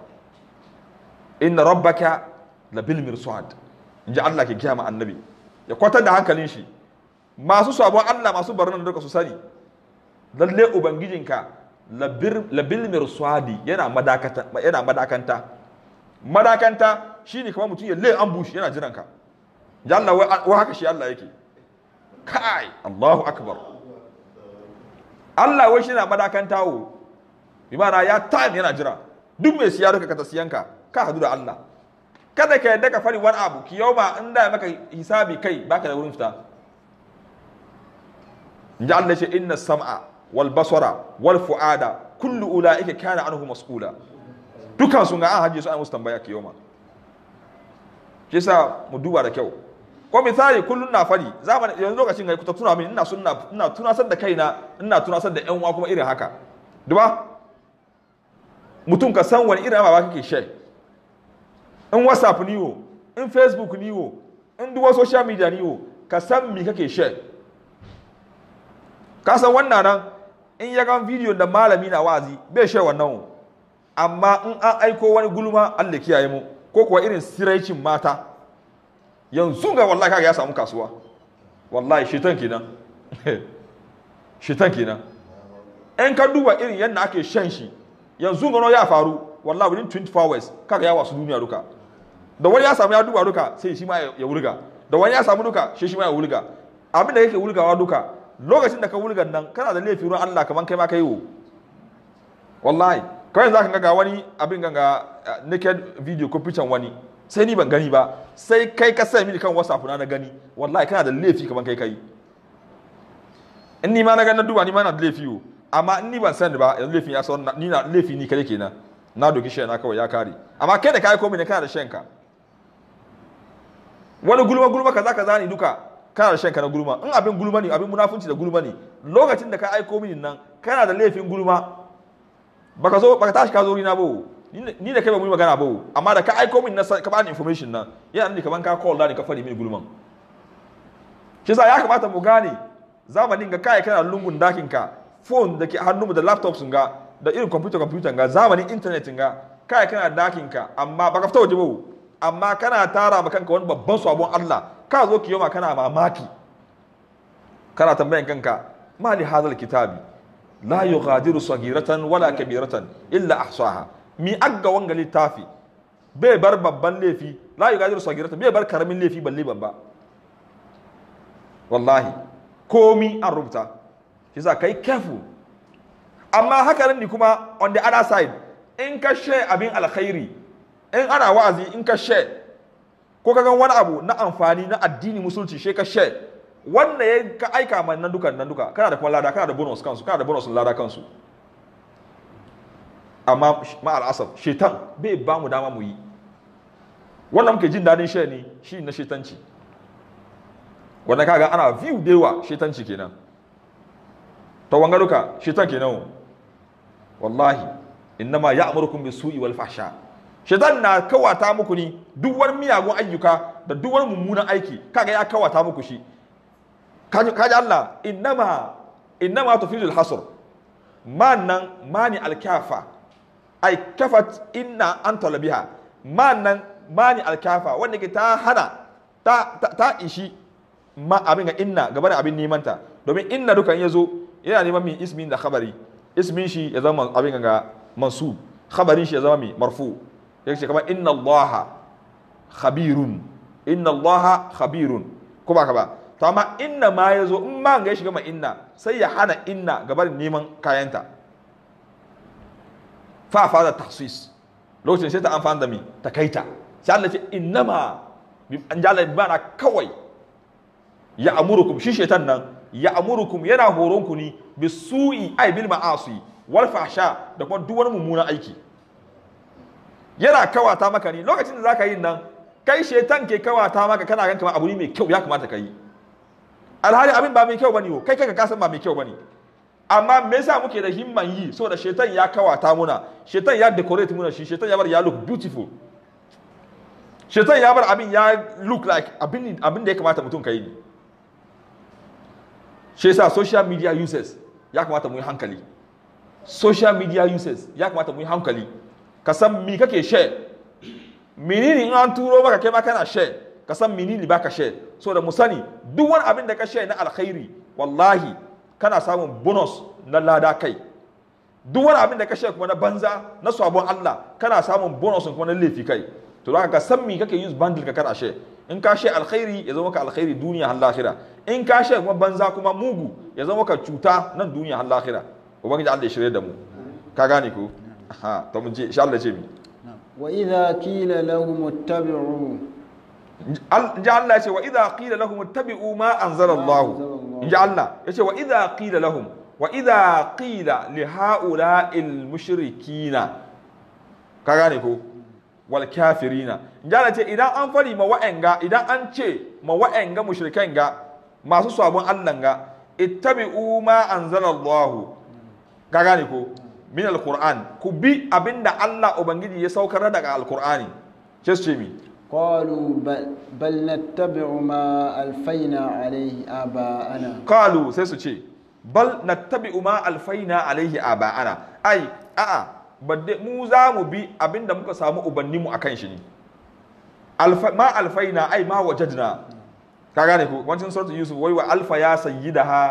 inna rabbaka labil In ji Allah ke ma annabi ya kwatar da hankalin shi masu sabon Allah masu barnan duka su sani lalle ubangijinka labil mirswadi yana madakanta yana madakanta madakanta shine kamar mutum ya le ambush yana jiran ka ya Allah wa haka shi Allah yake kai Allahu akbar Allah wai shi yana madakanta wo bi ya time yana jira duk mai siya duka ka ta siyanka ka hadu da Allah kada ka yadda ka fari wani abu ki yau ba in da maka hisabi kai baka da wurin fita in ji Allah ce inna sam'a wal basara wal fuada kullu ulaika kana anhu mas'ula dukan sun ga an haje su an musu tambaya kiyoma shi yasa mu duba da kyau ko misali na fadi zaman yanzu lokacin ga ku tuna min ina sunna ina tunasar da kaina ina tunasar da yan uwa kuma irin haka duba mutum ka san wani irin ababa kake share in whatsapp ni wo in facebook ni wo in duwa social media ni wo ka san mi kake share ka san wannan nan in ya gan bidiyo da malami na wazi bai share wannan amma in an aiko wani gulma Allah kiyaye mu ko kuwa irin siraicin mata yanzu ga wallahi kaga ya samu kasuwa wallahi shitan kenan shitan kenan in ka duba irin yadda ake shan shi yanzu gano ya faru wallahi within 24 hours kaga ya wasu duniya duka da wani ya samu ya duba duka sai shi ma ya wurga da wani ya samu duka shi shi ma ya wurga abin da yake wurgawa duka lokacin da ka wulgan nan kana da laifi ruwan Allah kamar kai ma ka yi wo wallahi kawai za ka ga wani abin ganga naked video ko picture wani sai ni ban gani ba sai kai ka sai mini kan whatsapp na na gani wallahi kana da laifi kamar kai kai in ni ma na ga na duba ni ma na da laifi wo amma in ni ban sani ba yanzu laifin ya sauran ni na laifi ni kare kenan na doki shi na kawai ya kare amma kai da kai komai ne kana da shenka wani gulma gulma ka za ka zani duka kana da shanka na gulma in abin gulma ne abin munafunci da gulma ne lokacin da ka aiko mini nan kana da laifin gulma baka zo baka tashi ka zo rina ba ni da kai ba mu yi magana ba amma da ka aiko mini na ka bani information nan yana ni kaman ka call da ni ka fari mini gulman shi ya kamata mu gane zamanin ga kai kana lungun dakin ka phone da ke hannunmu da laptop sun ga da irin computer computer ga zamanin internet ga kai kana dakin ka amma baka fita waje ba amma kana tara maka kanka wani babban sabon Allah ka zo kiyoma kana mamaki kana tambayan kanka mali hadal kitabi la yughadiru sagiratan wala kabiratan illa ahsaha mi agga wanga littafi bai bar babban laifi la yughadiru sagiratan bai bar karamin laifi balle babba wallahi komi an rubuta shi sa kai careful amma haka ne kuma on the other side in ka share abin alkhairi in ana wa'azi in ka share ko ka gan wani abu na amfani na addini musulunci shi ka share wanda ya ka aika man nan duka nan duka kana da kuma lada kana da bonus kansu kana da bonus lada kansu amma ma al'asaf shaitan bai ba mu dama mu yi wannan muke jin dadin share ne shi na shaitanci wannan kaga ana view dewa shaitanci kenan to wanga duka shaitan kenan wallahi innama ya'murukum bisu'i wal fahsha' shaitan na kawata muku ne duk wani miyagun ayyuka da duk wani mummunan aiki kaga ya kawata muku shi kaji Allah innama innama tufidul hasr man nan mani alkafa ai kafat inna an talabiha man nan mani alkafa wanda ke ta hana ta ta, ishi ma abin ga inna gaba da abin nemanta domin inna dukan yazo yana neman min ismin da khabari ismin shi ya zama abin ga mansub khabarin shi ya zama mai marfu' ce kamar inna allaha khabirun inna allaha khabirun ko ba ka ba to amma inna ma ya zo in ma ga ya shiga ma inna sai ya hana inna gabar neman kayanta fa fa da tahsis lokacin sai ta amfani da mi ta kaita sai Allah ce inna ma an jala bana kawai ya amurukum shi shaitan nan ya amurukum yana horonku ni bisu'i ay bil ma'asi wal fahsha da kuma duk wani mummunan aiki yana kawata maka ne lokacin da zaka yi nan kai shetan ke kawata maka kana gan kamar abu ne mai kyau ya kamata ka yi alhali abin ba mai kyau bane kai kanka ka san ba mai kyau bane amma me yasa muke da himman yi saboda shetan ya kawata muna shetan ya decorate muna shi shetan ya bar ya look beautiful shetan ya bar abin ya look like abin abin da ya kamata mutum ka yi. shi yasa social media uses ya kamata mu yi hankali social media uses ya kamata mu yi hankali ka san mi kake share menene in an turo ka kai ma kana share ka san ba baka share so da mu sani duk wani abin da ka share na alkhairi wallahi kana samun bonus na lada kai duk wani abin da ka share kuma na banza na sabon Allah kana samun bonus kuma na laifi kai to ka san mi kake use bundle ka kana share in ka she alkhairi ya zama ka alkhairi duniya har lahira in ka she kuma banza kuma mugu ya zama ka cuta nan duniya har lahira ubangiji Allah ya shirye da mu ka gane ko ha to mu je insha Allah ce mi wa idha qila lahum ittabi'u ja Allah ce wa idha qila lahum ittabi'u ma anzala Allah inji Allah yace wa idha qila lahum wa idha qila li ha'ula'il mushrikina ka gane ko wal kafirina inji Allah ce idan an fari ma wa'anga idan an ce ma wa'anga mushrikan ga masu sabon Allah ga ittabi'u ma anzala Allah ka gane ko min alquran ku bi abinda Allah ubangiji ya saukar daga alqurani ce ce mi qalu bal nattabi'u ma alfaina alaihi aba'ana qalu sai su ce bal nattabi'u ma alfaina alaihi aba'ana ai a'a badde mu za mu bi abinda muka samu ubanninmu akan shi ne ma alfaina ai ma wajadna ka gane ku wancan suratul yusuf wai wa alfa ya sayyidaha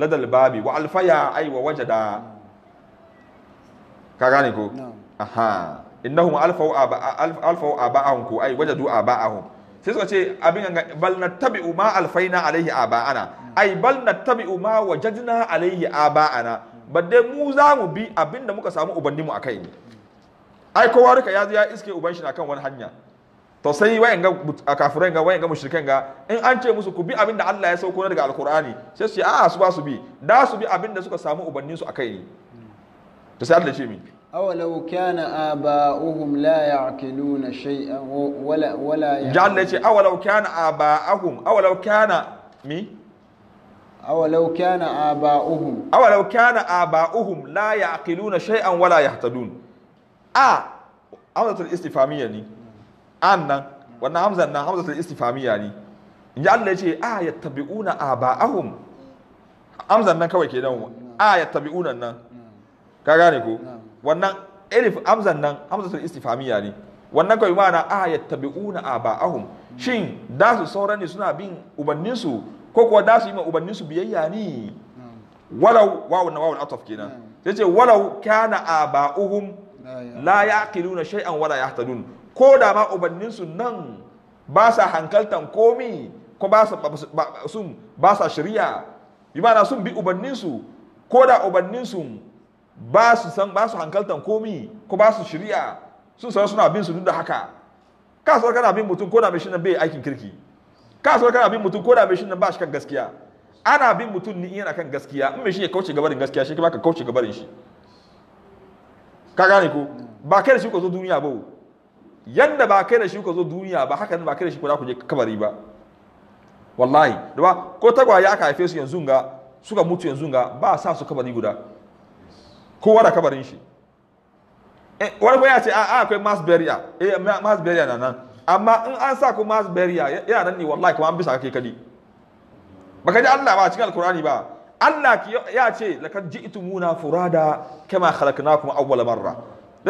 ladal babi wa alfa ya ai wa wajada ka gane ko aha innahum alfau alfau aba'ahum ko ai wajadu aba'ahum sai suka ce abin ga bal nattabi'u ma alfaina alaihi aba'ana ai bal nattabi'u ma wajadna alaihi aba'ana badde mu za mu bi abin da muka samu ubanni mu akai ne ai kowa duka ya ya iske uban shi na kan wani hanya to sai wayan ga kafirai ga wayan ga mushrikan ga in an ce musu ku bi abin da Allah ya sauko daga alkur'ani sai su ce a'a su ba su bi da su bi abin da suka samu ubanni su akai ne ta sai Allah ce mi awalau kana aba'uhum la ya'qiluna shay'an wala wala jalla ce awalau kana aba'ahum awalau kana mi awalau kana aba'uhum awalau kana aba'uhum la ya'qiluna shay'an wala yahtadun a hamzatul istifamiyya ni an nan wannan hamzan nan hamzatul istifamiyya ni in ji Allah ya ce a yattabi'una aba'ahum hamzan nan kawai kenan a yattabi'una nan ka gane ko wannan elif amzan nan hamzatul istifamiya ne wannan kawai ma'ana a ah, yattabi'una aba'ahum hmm. shin da su sauran ne suna bin ubanninsu ko kuwa da su yi ma ubanninsu biyayya ne walau wawu na wawul ataf kenan sai ce walau kana aba'uhum la yaqiluna shay'an wala yahtadun ko da ma ubanninsu nan ba sa hankaltan komi ko ba sa sun ba sa shari'a bi ma'ana sun bi ubanninsu ko da ubanninsu ba su san ba su hankaltan komi ko ba su shari'a sun san suna bin su duk da haka ka san kana bin mutum ko da mai shi nan bai aikin kirki ka san kana bin mutum ko da mai shi nan ba shi kan gaskiya ana bin mutum ni yana kan gaskiya in mai shi ya kauce gabarin gaskiya shi ba ka kauce gabarin shi ka gane ko ba kai da shi ku zo duniya ba yanda ba kai da shi ku zo duniya ba haka ba kai da shi ku za ku je kabari ba wallahi da ba ko tagwaye aka haife su yanzu ga suka mutu yanzu ga ba sa su kabari guda kowa da kabarin shi eh, wani ya ce a akwai mass barrier eh mass barrier na nan amma in an sa ku mass barrier yana nan ne wallahi kuma an bisa kake kadi baka ji Allah ba cikin alkurani ba Allah ya ce lakad ji'tumuna furada kama khalaqnakum awwal marra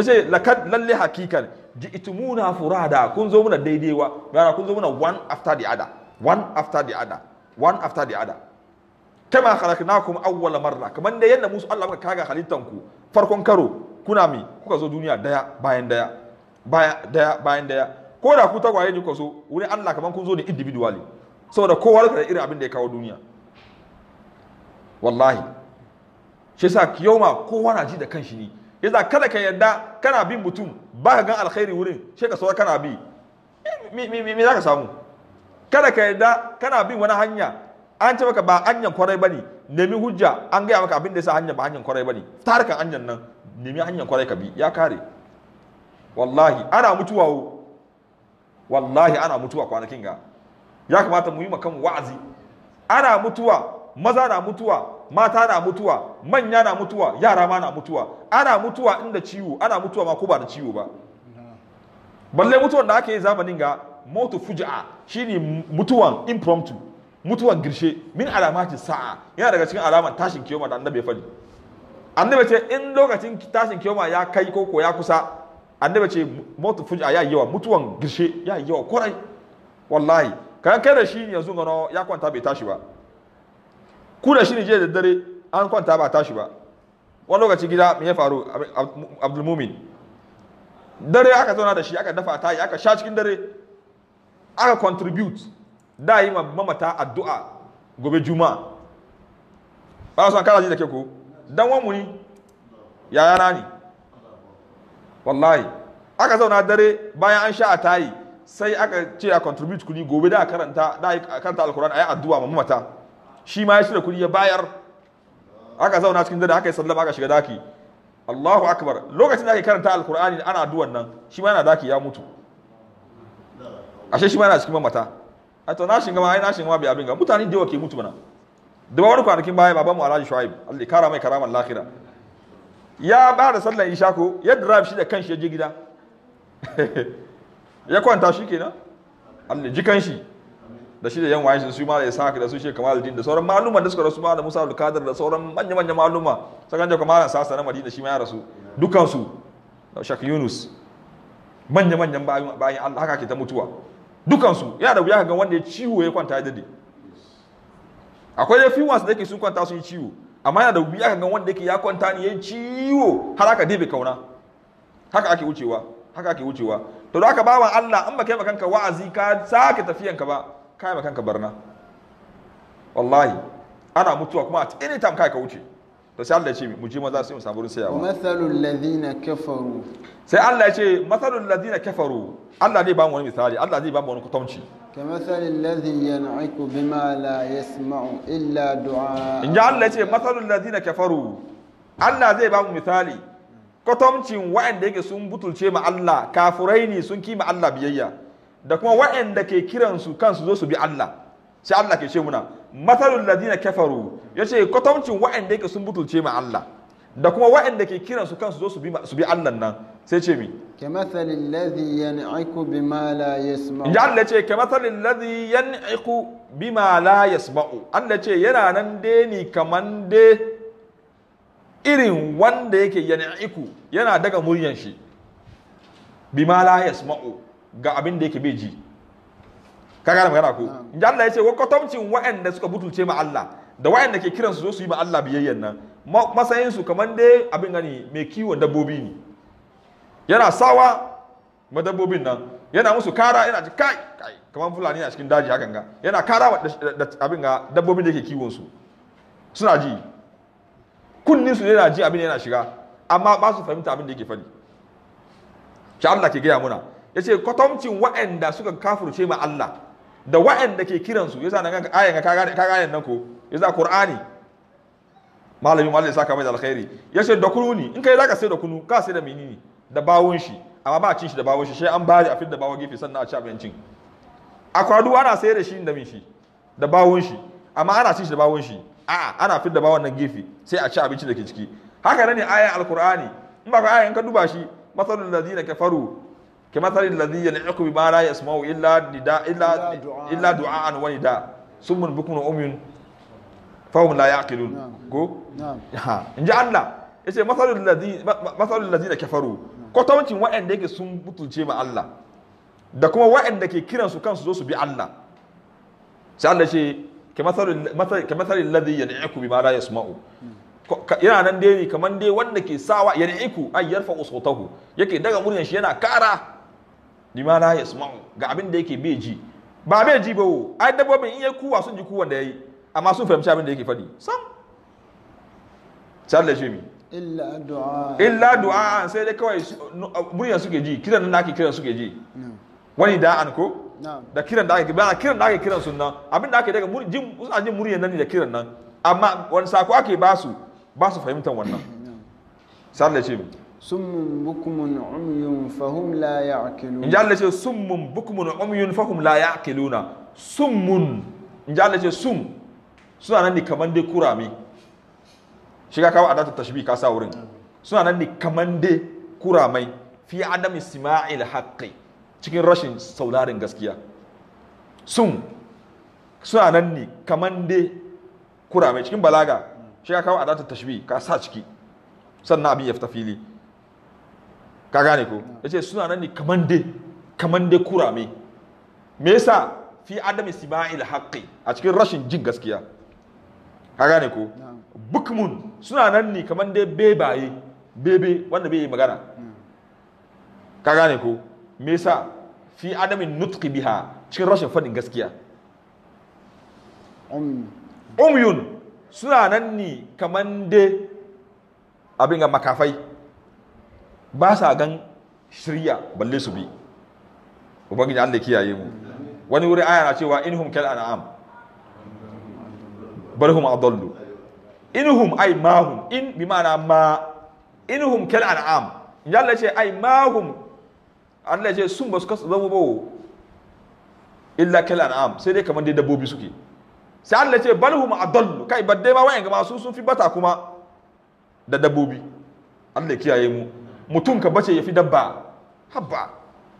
ce lakad lalle hakikan ji'tumuna furada kun zo muna daidaiwa yana kun zo muna one after the other one after the other one after the other kama khalaqnakum awwala marra kamar da yadda musu Allah muka kaga halittan ku farkon karo kuna mi kuka zo duniya daya bayan daya baya daya bayan daya ko da ku tagwaye ne kuka zo wurin Allah kaman kun zo ne individually saboda kowa da irin abin da ya kawo duniya wallahi shi yasa kiyoma kowa na ji da kanshi ne yasa kada ka yarda kana bin mutum ba ka gan alkhairi wurin shi ka saura kana bi me za ka samu kada ka yarda kana bin wani hanya an ce maka ba hanyar kwarai bane nemi hujja an gaya maka abin da yasa hanyar ba hanyar kwarai bane ta harka hanyar nan nemi hanyar kwarai ka bi ya kare wallahi ana mutuwa wo wallahi ana mutuwa kwanakin ga ya kamata mu yi makan wa'azi ana mutuwa maza na mutuwa mata na mutuwa manya na mutuwa yara ma na mutuwa ana mutuwa inda ciwo ana mutuwa ma ko ba da ciwo ba balle mutuwan da aka yi zamanin ga motu fuji'a shine mutuwan impromptu mutuwan girshe min alamati sa'a yana daga cikin alamar tashin kiyoma da annabi ya faɗi annabi ce in lokacin tashin kiyoma ya kai ko ko ya kusa annabi ce fuji a yayi yawa mutuwan girshe ya yi yawa kwarai wallahi kan kai da shi ne yanzu gano ya kwanta bai tashi ba ku da shi ne jiya da dare an kwanta ba tashi ba wani lokaci gida me ya faru abdul mumin dare aka zauna da shi aka dafa tayi aka sha cikin dare aka contribute da yi mamata addu'a gobe juma'a ba su an kara ji da ke ku. dan wanmu ni yaya na ni wallahi aka zauna dare bayan an sha a tayi sai aka ce a contribute kudi gobe da karanta da karanta a yi addu'a ma mamata shi ma ya shirya kudi ya bayar aka zauna cikin dare aka yi sallama aka shiga daki Allahu akbar lokacin da ake karanta alkur'ani ana addu'an nan shi ma yana daki ya mutu ashe shi ma yana cikin mamata a to na shiga ma ai na shiga ma bi abin ga mutane da yawa ke mutu mana da ba wani kwanakin baya babanmu Alhaji Shuaib Allah ya kara mai karaman lahira ya ba da sallar isha ko ya drive shi da kanshi ya je gida ya kwanta shi kenan Allah ji kanshi da shi da yan wayan su ma da Isaac da su Sheikh Kamaluddin da sauran maluma da suka rasu ma da Musa Abdul Kadir da sauran manya manya maluma Saka da Kamalan Sasa na Madina shi ma ya rasu dukansu da Shak Yunus manya manyan bayan Allah haka ke ta mutuwa dukansu ya da wuya ga wanda ya ciwo ya kwanta dade akwai dai few da yake sun kwanta sun yi ciwo amma yana da wuya ga wanda yake ya kwanta ne ya ciwo har aka dibe kauna haka ake wucewa haka ake wucewa to da aka bawa Allah an baka yi kanka wa'azi ka sake tafiyanka ba ka yi kanka barna wallahi ana mutuwa kuma at any time kai ka wuce to sai Allah ya ce mu ji maza su yi saburin sayawa mathalul ladina kafaru sai Allah ya ce mathalul ladina kafaru Allah zai ba mu wani misali Allah zai ba mu wani kutanci kamathalil ladhi yan'iku bima la yasma'u illa du'a in ja Allah ya ce mathalul ladina kafaru Allah zai ba mu misali kwatamcin wa'anda yake sun butulce ma Allah kafurai ne sun kima Allah biyayya da kuma wa'anda ke kiransu kansu zo su bi Allah sai Allah ke ce muna matsalul ladina kafaru ya ce kwatancin wa'anda yake sun butulce ma Allah da kuma wa'anda ke kiran su kansu zo su bi Allah nan sai ce mi ke ladhi ladi bima la yasma'u inji Allah ce kamathalil bima Allah ce yana nan dai ni kaman dai irin wanda yake iku yana daga muryan shi bima la yasma'u ga abin da yake bai ji ka gane magana ko ji Allah ya ce wa kwatamcin waɗanda suka butulce ma Allah da waɗanda ke kiransu zo su yi ma Allah biyayyan nan matsayin su kamar dai abin gani mai kiwon dabbobi ne yana sawa ma dabbobin nan yana musu kara yana ji kai kai kamar fulani a cikin daji hakan ga yana kara wa abin ga dabbobin da yake kiwon su suna ji kunnin su yana ji abin yana shiga amma ba su fahimta abin da yake faɗi Sha Allah ke gaya muna yace kwatamcin waɗanda suka kafurce ma Allah da wa'anda ke kiransu yasa nan ga ayan ka gane ka gane nan ko yasa qur'ani malamin Allah ya saka mai da alkhairi yace da kunu ne in kai zaka sai da kunu ka sai da menene da bawon shi amma ba a cin shi da bawon shi sai an bari a fit da bawon gefe sannan a ci abincin A kwadu ana sayar da shi da min shi da bawon shi amma ana cin shi da bawon shi a'a ana fit da bawon nan gefe sai a ci abincin da ke ciki haka ne ayan alkur'ani in ba ka ayan ka duba shi masalul ladina kafaru كمثل الذي ينعق بما لا يسمع إلا نداء إلا إلا دعاء ونداء ثم بكم أمي فهم لا يعقلون كو نعم إن جاء الله yace masalul ladhi da ladina kafaru kwatawancin waɗanda yake sun butulce ma Allah da kuma waɗanda ke kiran su kansu zo su bi Allah sai Allah ce ka masalul ladhi yan'iku bima ya yasma'u yana nan dai kamar dai wanda ke sawa yan'iku ay yarfa usutahu yake daga muryan shi yana kara lima la yasma'u ga abin da yake bai ji ba bai ji ba wo ai dabbobin in ya kuwa sun ji kuwan da yayi amma sun fahimci abin da yake faɗi sam challenge me illa du'a illa du'a sai dai kawai muryan suke ji kiran da nake kiran suke ji wani an ko da kiran da ake ba kiran da ake kiran sunan abin da ake daga jin suna jin muryan nan da kiran nan amma wani sako ake ba su ba su fahimtar wannan sallace mu summun bukumun umyun fahum la ya'qilun inji Allah ce summun bukumun umyun fahum la ya'qiluna summun ce sum suna nan ne kaman dai kurame shi kawo adatu tashbih ka sa wurin suna nan ne kaman dai kuramai fi adam isma'il haqqi cikin rashin saularin gaskiya sum suna nan ne kaman dai kurame cikin balaga shiga kawo adatu tashbih ka sa ciki sannan abin ya fita fili ka gane ko ce suna nan ne kaman dai kaman dai kurame me yasa fi adami Isma'il haqqi a cikin rashin jin gaskiya ka gane ko bukmun suna nan ne kaman dai bebaye bebe wanda bai yi magana hmm. ka gane ko me yasa fi adamin nutqi biha cikin rashin fadin gaskiya um. umyun suna nan ne kaman dai abin ga makafai ba sa gan shirya balle su bi ubangiji Allah kiyaye mu wani wuri aya na cewa inhum kal an'am barhum adallu inhum ay mahum in bi ma'ana ma inhum kal an'am yalla ce ay mahum Allah ce sun ba su kasu zama bawo illa kal an'am sai dai kamar dai dabbobi suke sai Allah ce balhum adallu kai badde ma wayan ga masu sun fi bata kuma da dabbobi Allah kiyaye mu mutum ka bace fi dabba habba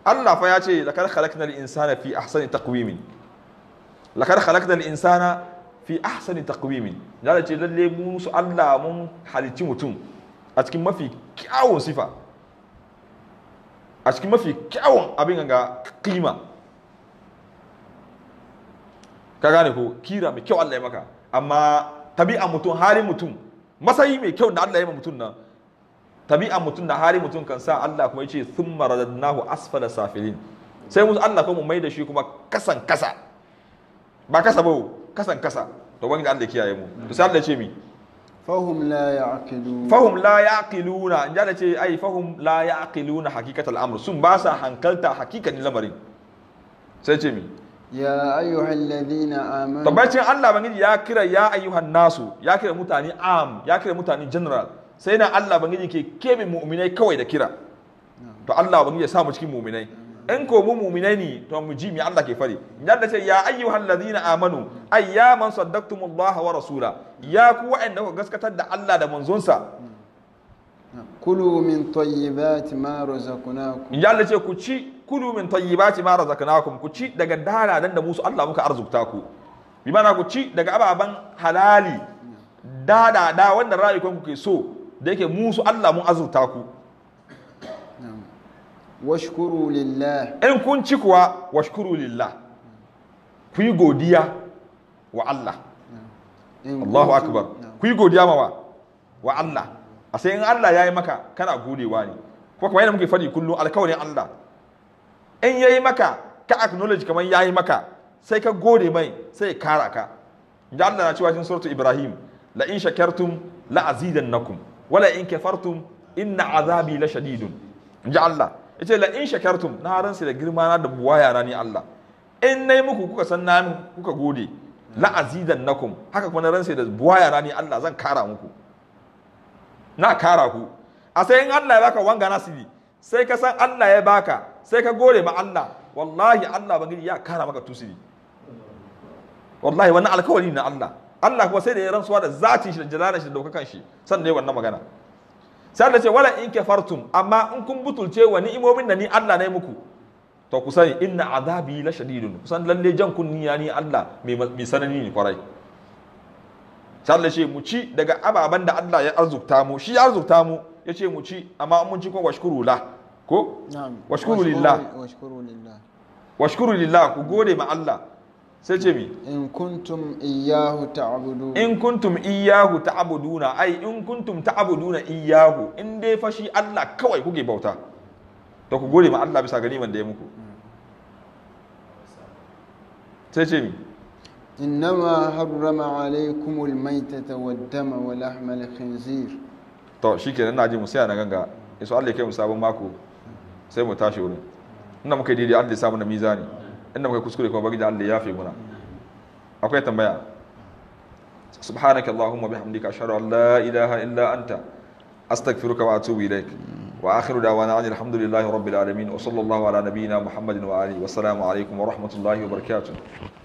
Allah fa ya ce lakar khalaqna al-insana fi ahsani taqwimin lakar khalaqna al-insana fi ahsani taqwimin da ce lalle mu su Allah mun halici mutum a cikin mafi kyawun sifa a cikin mafi kyawun abin ga kima ka gane ko kira mai kyau Allah ya maka amma tabi'a mutum halin mutum masayi mai kyau da Allah ya yi mutum nan tabi'an mutum da hali mutum kan sa Allah kuma yace thumma radadnahu asfala safilin sai mu Allah kuma mai da shi kuma kasan kasa ba kasa ba kasan kasa to wani Allah kiyaye mu to sai Allah ce mi fahum la ya'qiluna fahum la ya'qiluna inda da ce ai fahum la ya'qiluna haqiqatal amr sun ba sa hankalta hakikanin lamarin sai ce mi ya ayyuhan ladina amanu tabbacin Allah bangiji ya kira ya ayyuhan nasu ya kira mutane am ya kira mutane general sai na Allah bangiji ke kebe mu'minai kawai da kira to Allah bangiji ya samu cikin mu'minai in ko mu mu'minai ne to mu ji me Allah ke fari dan da ce ya ayyuhal ladina amanu ayyaman saddaqtumullaha wa rasula ya ku wa'anda ku gaskatar da Allah da manzonsa kulu min tayyibati ma razaqnakum in da ce ku ci kulu min tayyibati ma razaqnakum ku ci daga dara da musu Allah muka arzukta ku bi mana ku ci daga ababan halali dada da wanda rayukan ku ke so da yake musu Allah mun azurta ku washkuru lillah in kun ci kuwa washkuru lillah ku yi godiya wa Allah Allahu akbar ku yi godiya ma wa Allah a sai in Allah ya yi maka kana godewa ne kuma kamar yadda muke faɗi kullum alkawarin Allah in ya yi maka ka acknowledge kamar ya yi maka sai ka gode mai sai kara ka da Allah na cewa cikin suratu Ibrahim la in shakartum la azidannakum wala in kafartum inna azabi la shadidun inji Allah yace la in shakartum na ransa da girma na da buwaya ni Allah in nayi muku kuka san na kuka gode la azidannakum haka kuma na ransa da buwaya ni Allah zan kara muku na kara ku a sai in Allah ya baka wanga nasibi sai ka san Allah ya baka sai ka gode ma Allah wallahi Allah bangiji ya kara maka tusiri wallahi wannan alkawari na Allah Allah kuma sai da ya rantsuwa da zatin shi da jalalar shi da daukakan shi sannan ya wannan magana sai da ce wala in kafartum amma in kun butulce wa ni'imomin da ni Allah nayi muku to ku sani inna azabi la shadidun kusan lalle jan kunniya ni Allah mai sanani ne kwarai sai da ce mu ci daga ababen da Allah ya arzukta mu shi ya arzukta mu ya ce mu ci amma mun ci ko washkuru la ko washkuru lillah washkuru lillah ku gode ma Allah sai ce mi in kuntum iyahu ta'budu in kuntum iyahu ta'buduna ai in kuntum ta'buduna iyahu in dai fashi Allah kawai kuke bauta to ku gode ma Allah bisa ganiman da ya muku sai ce mi innama harrama alaykumul maytata wad-dama wa lahmal khinzir to shikenan na ji mu na ganga iso Allah ya kai mu sabon mako sai mu tashi wurin ina muka yi daidai Allah ya samu na mizani inda muka kuskure kuma bari da Allah ya fi muna akwai tambaya subhanaka allahumma bihamdika ashhadu an la ilaha illa anta astaghfiruka wa atubu ilaik wa akhiru da'wana alhamdulillahi rabbil alamin wa sallallahu ala nabiyyina muhammadin wa alihi wa assalamu alaikum wa rahmatullahi wa barakatuh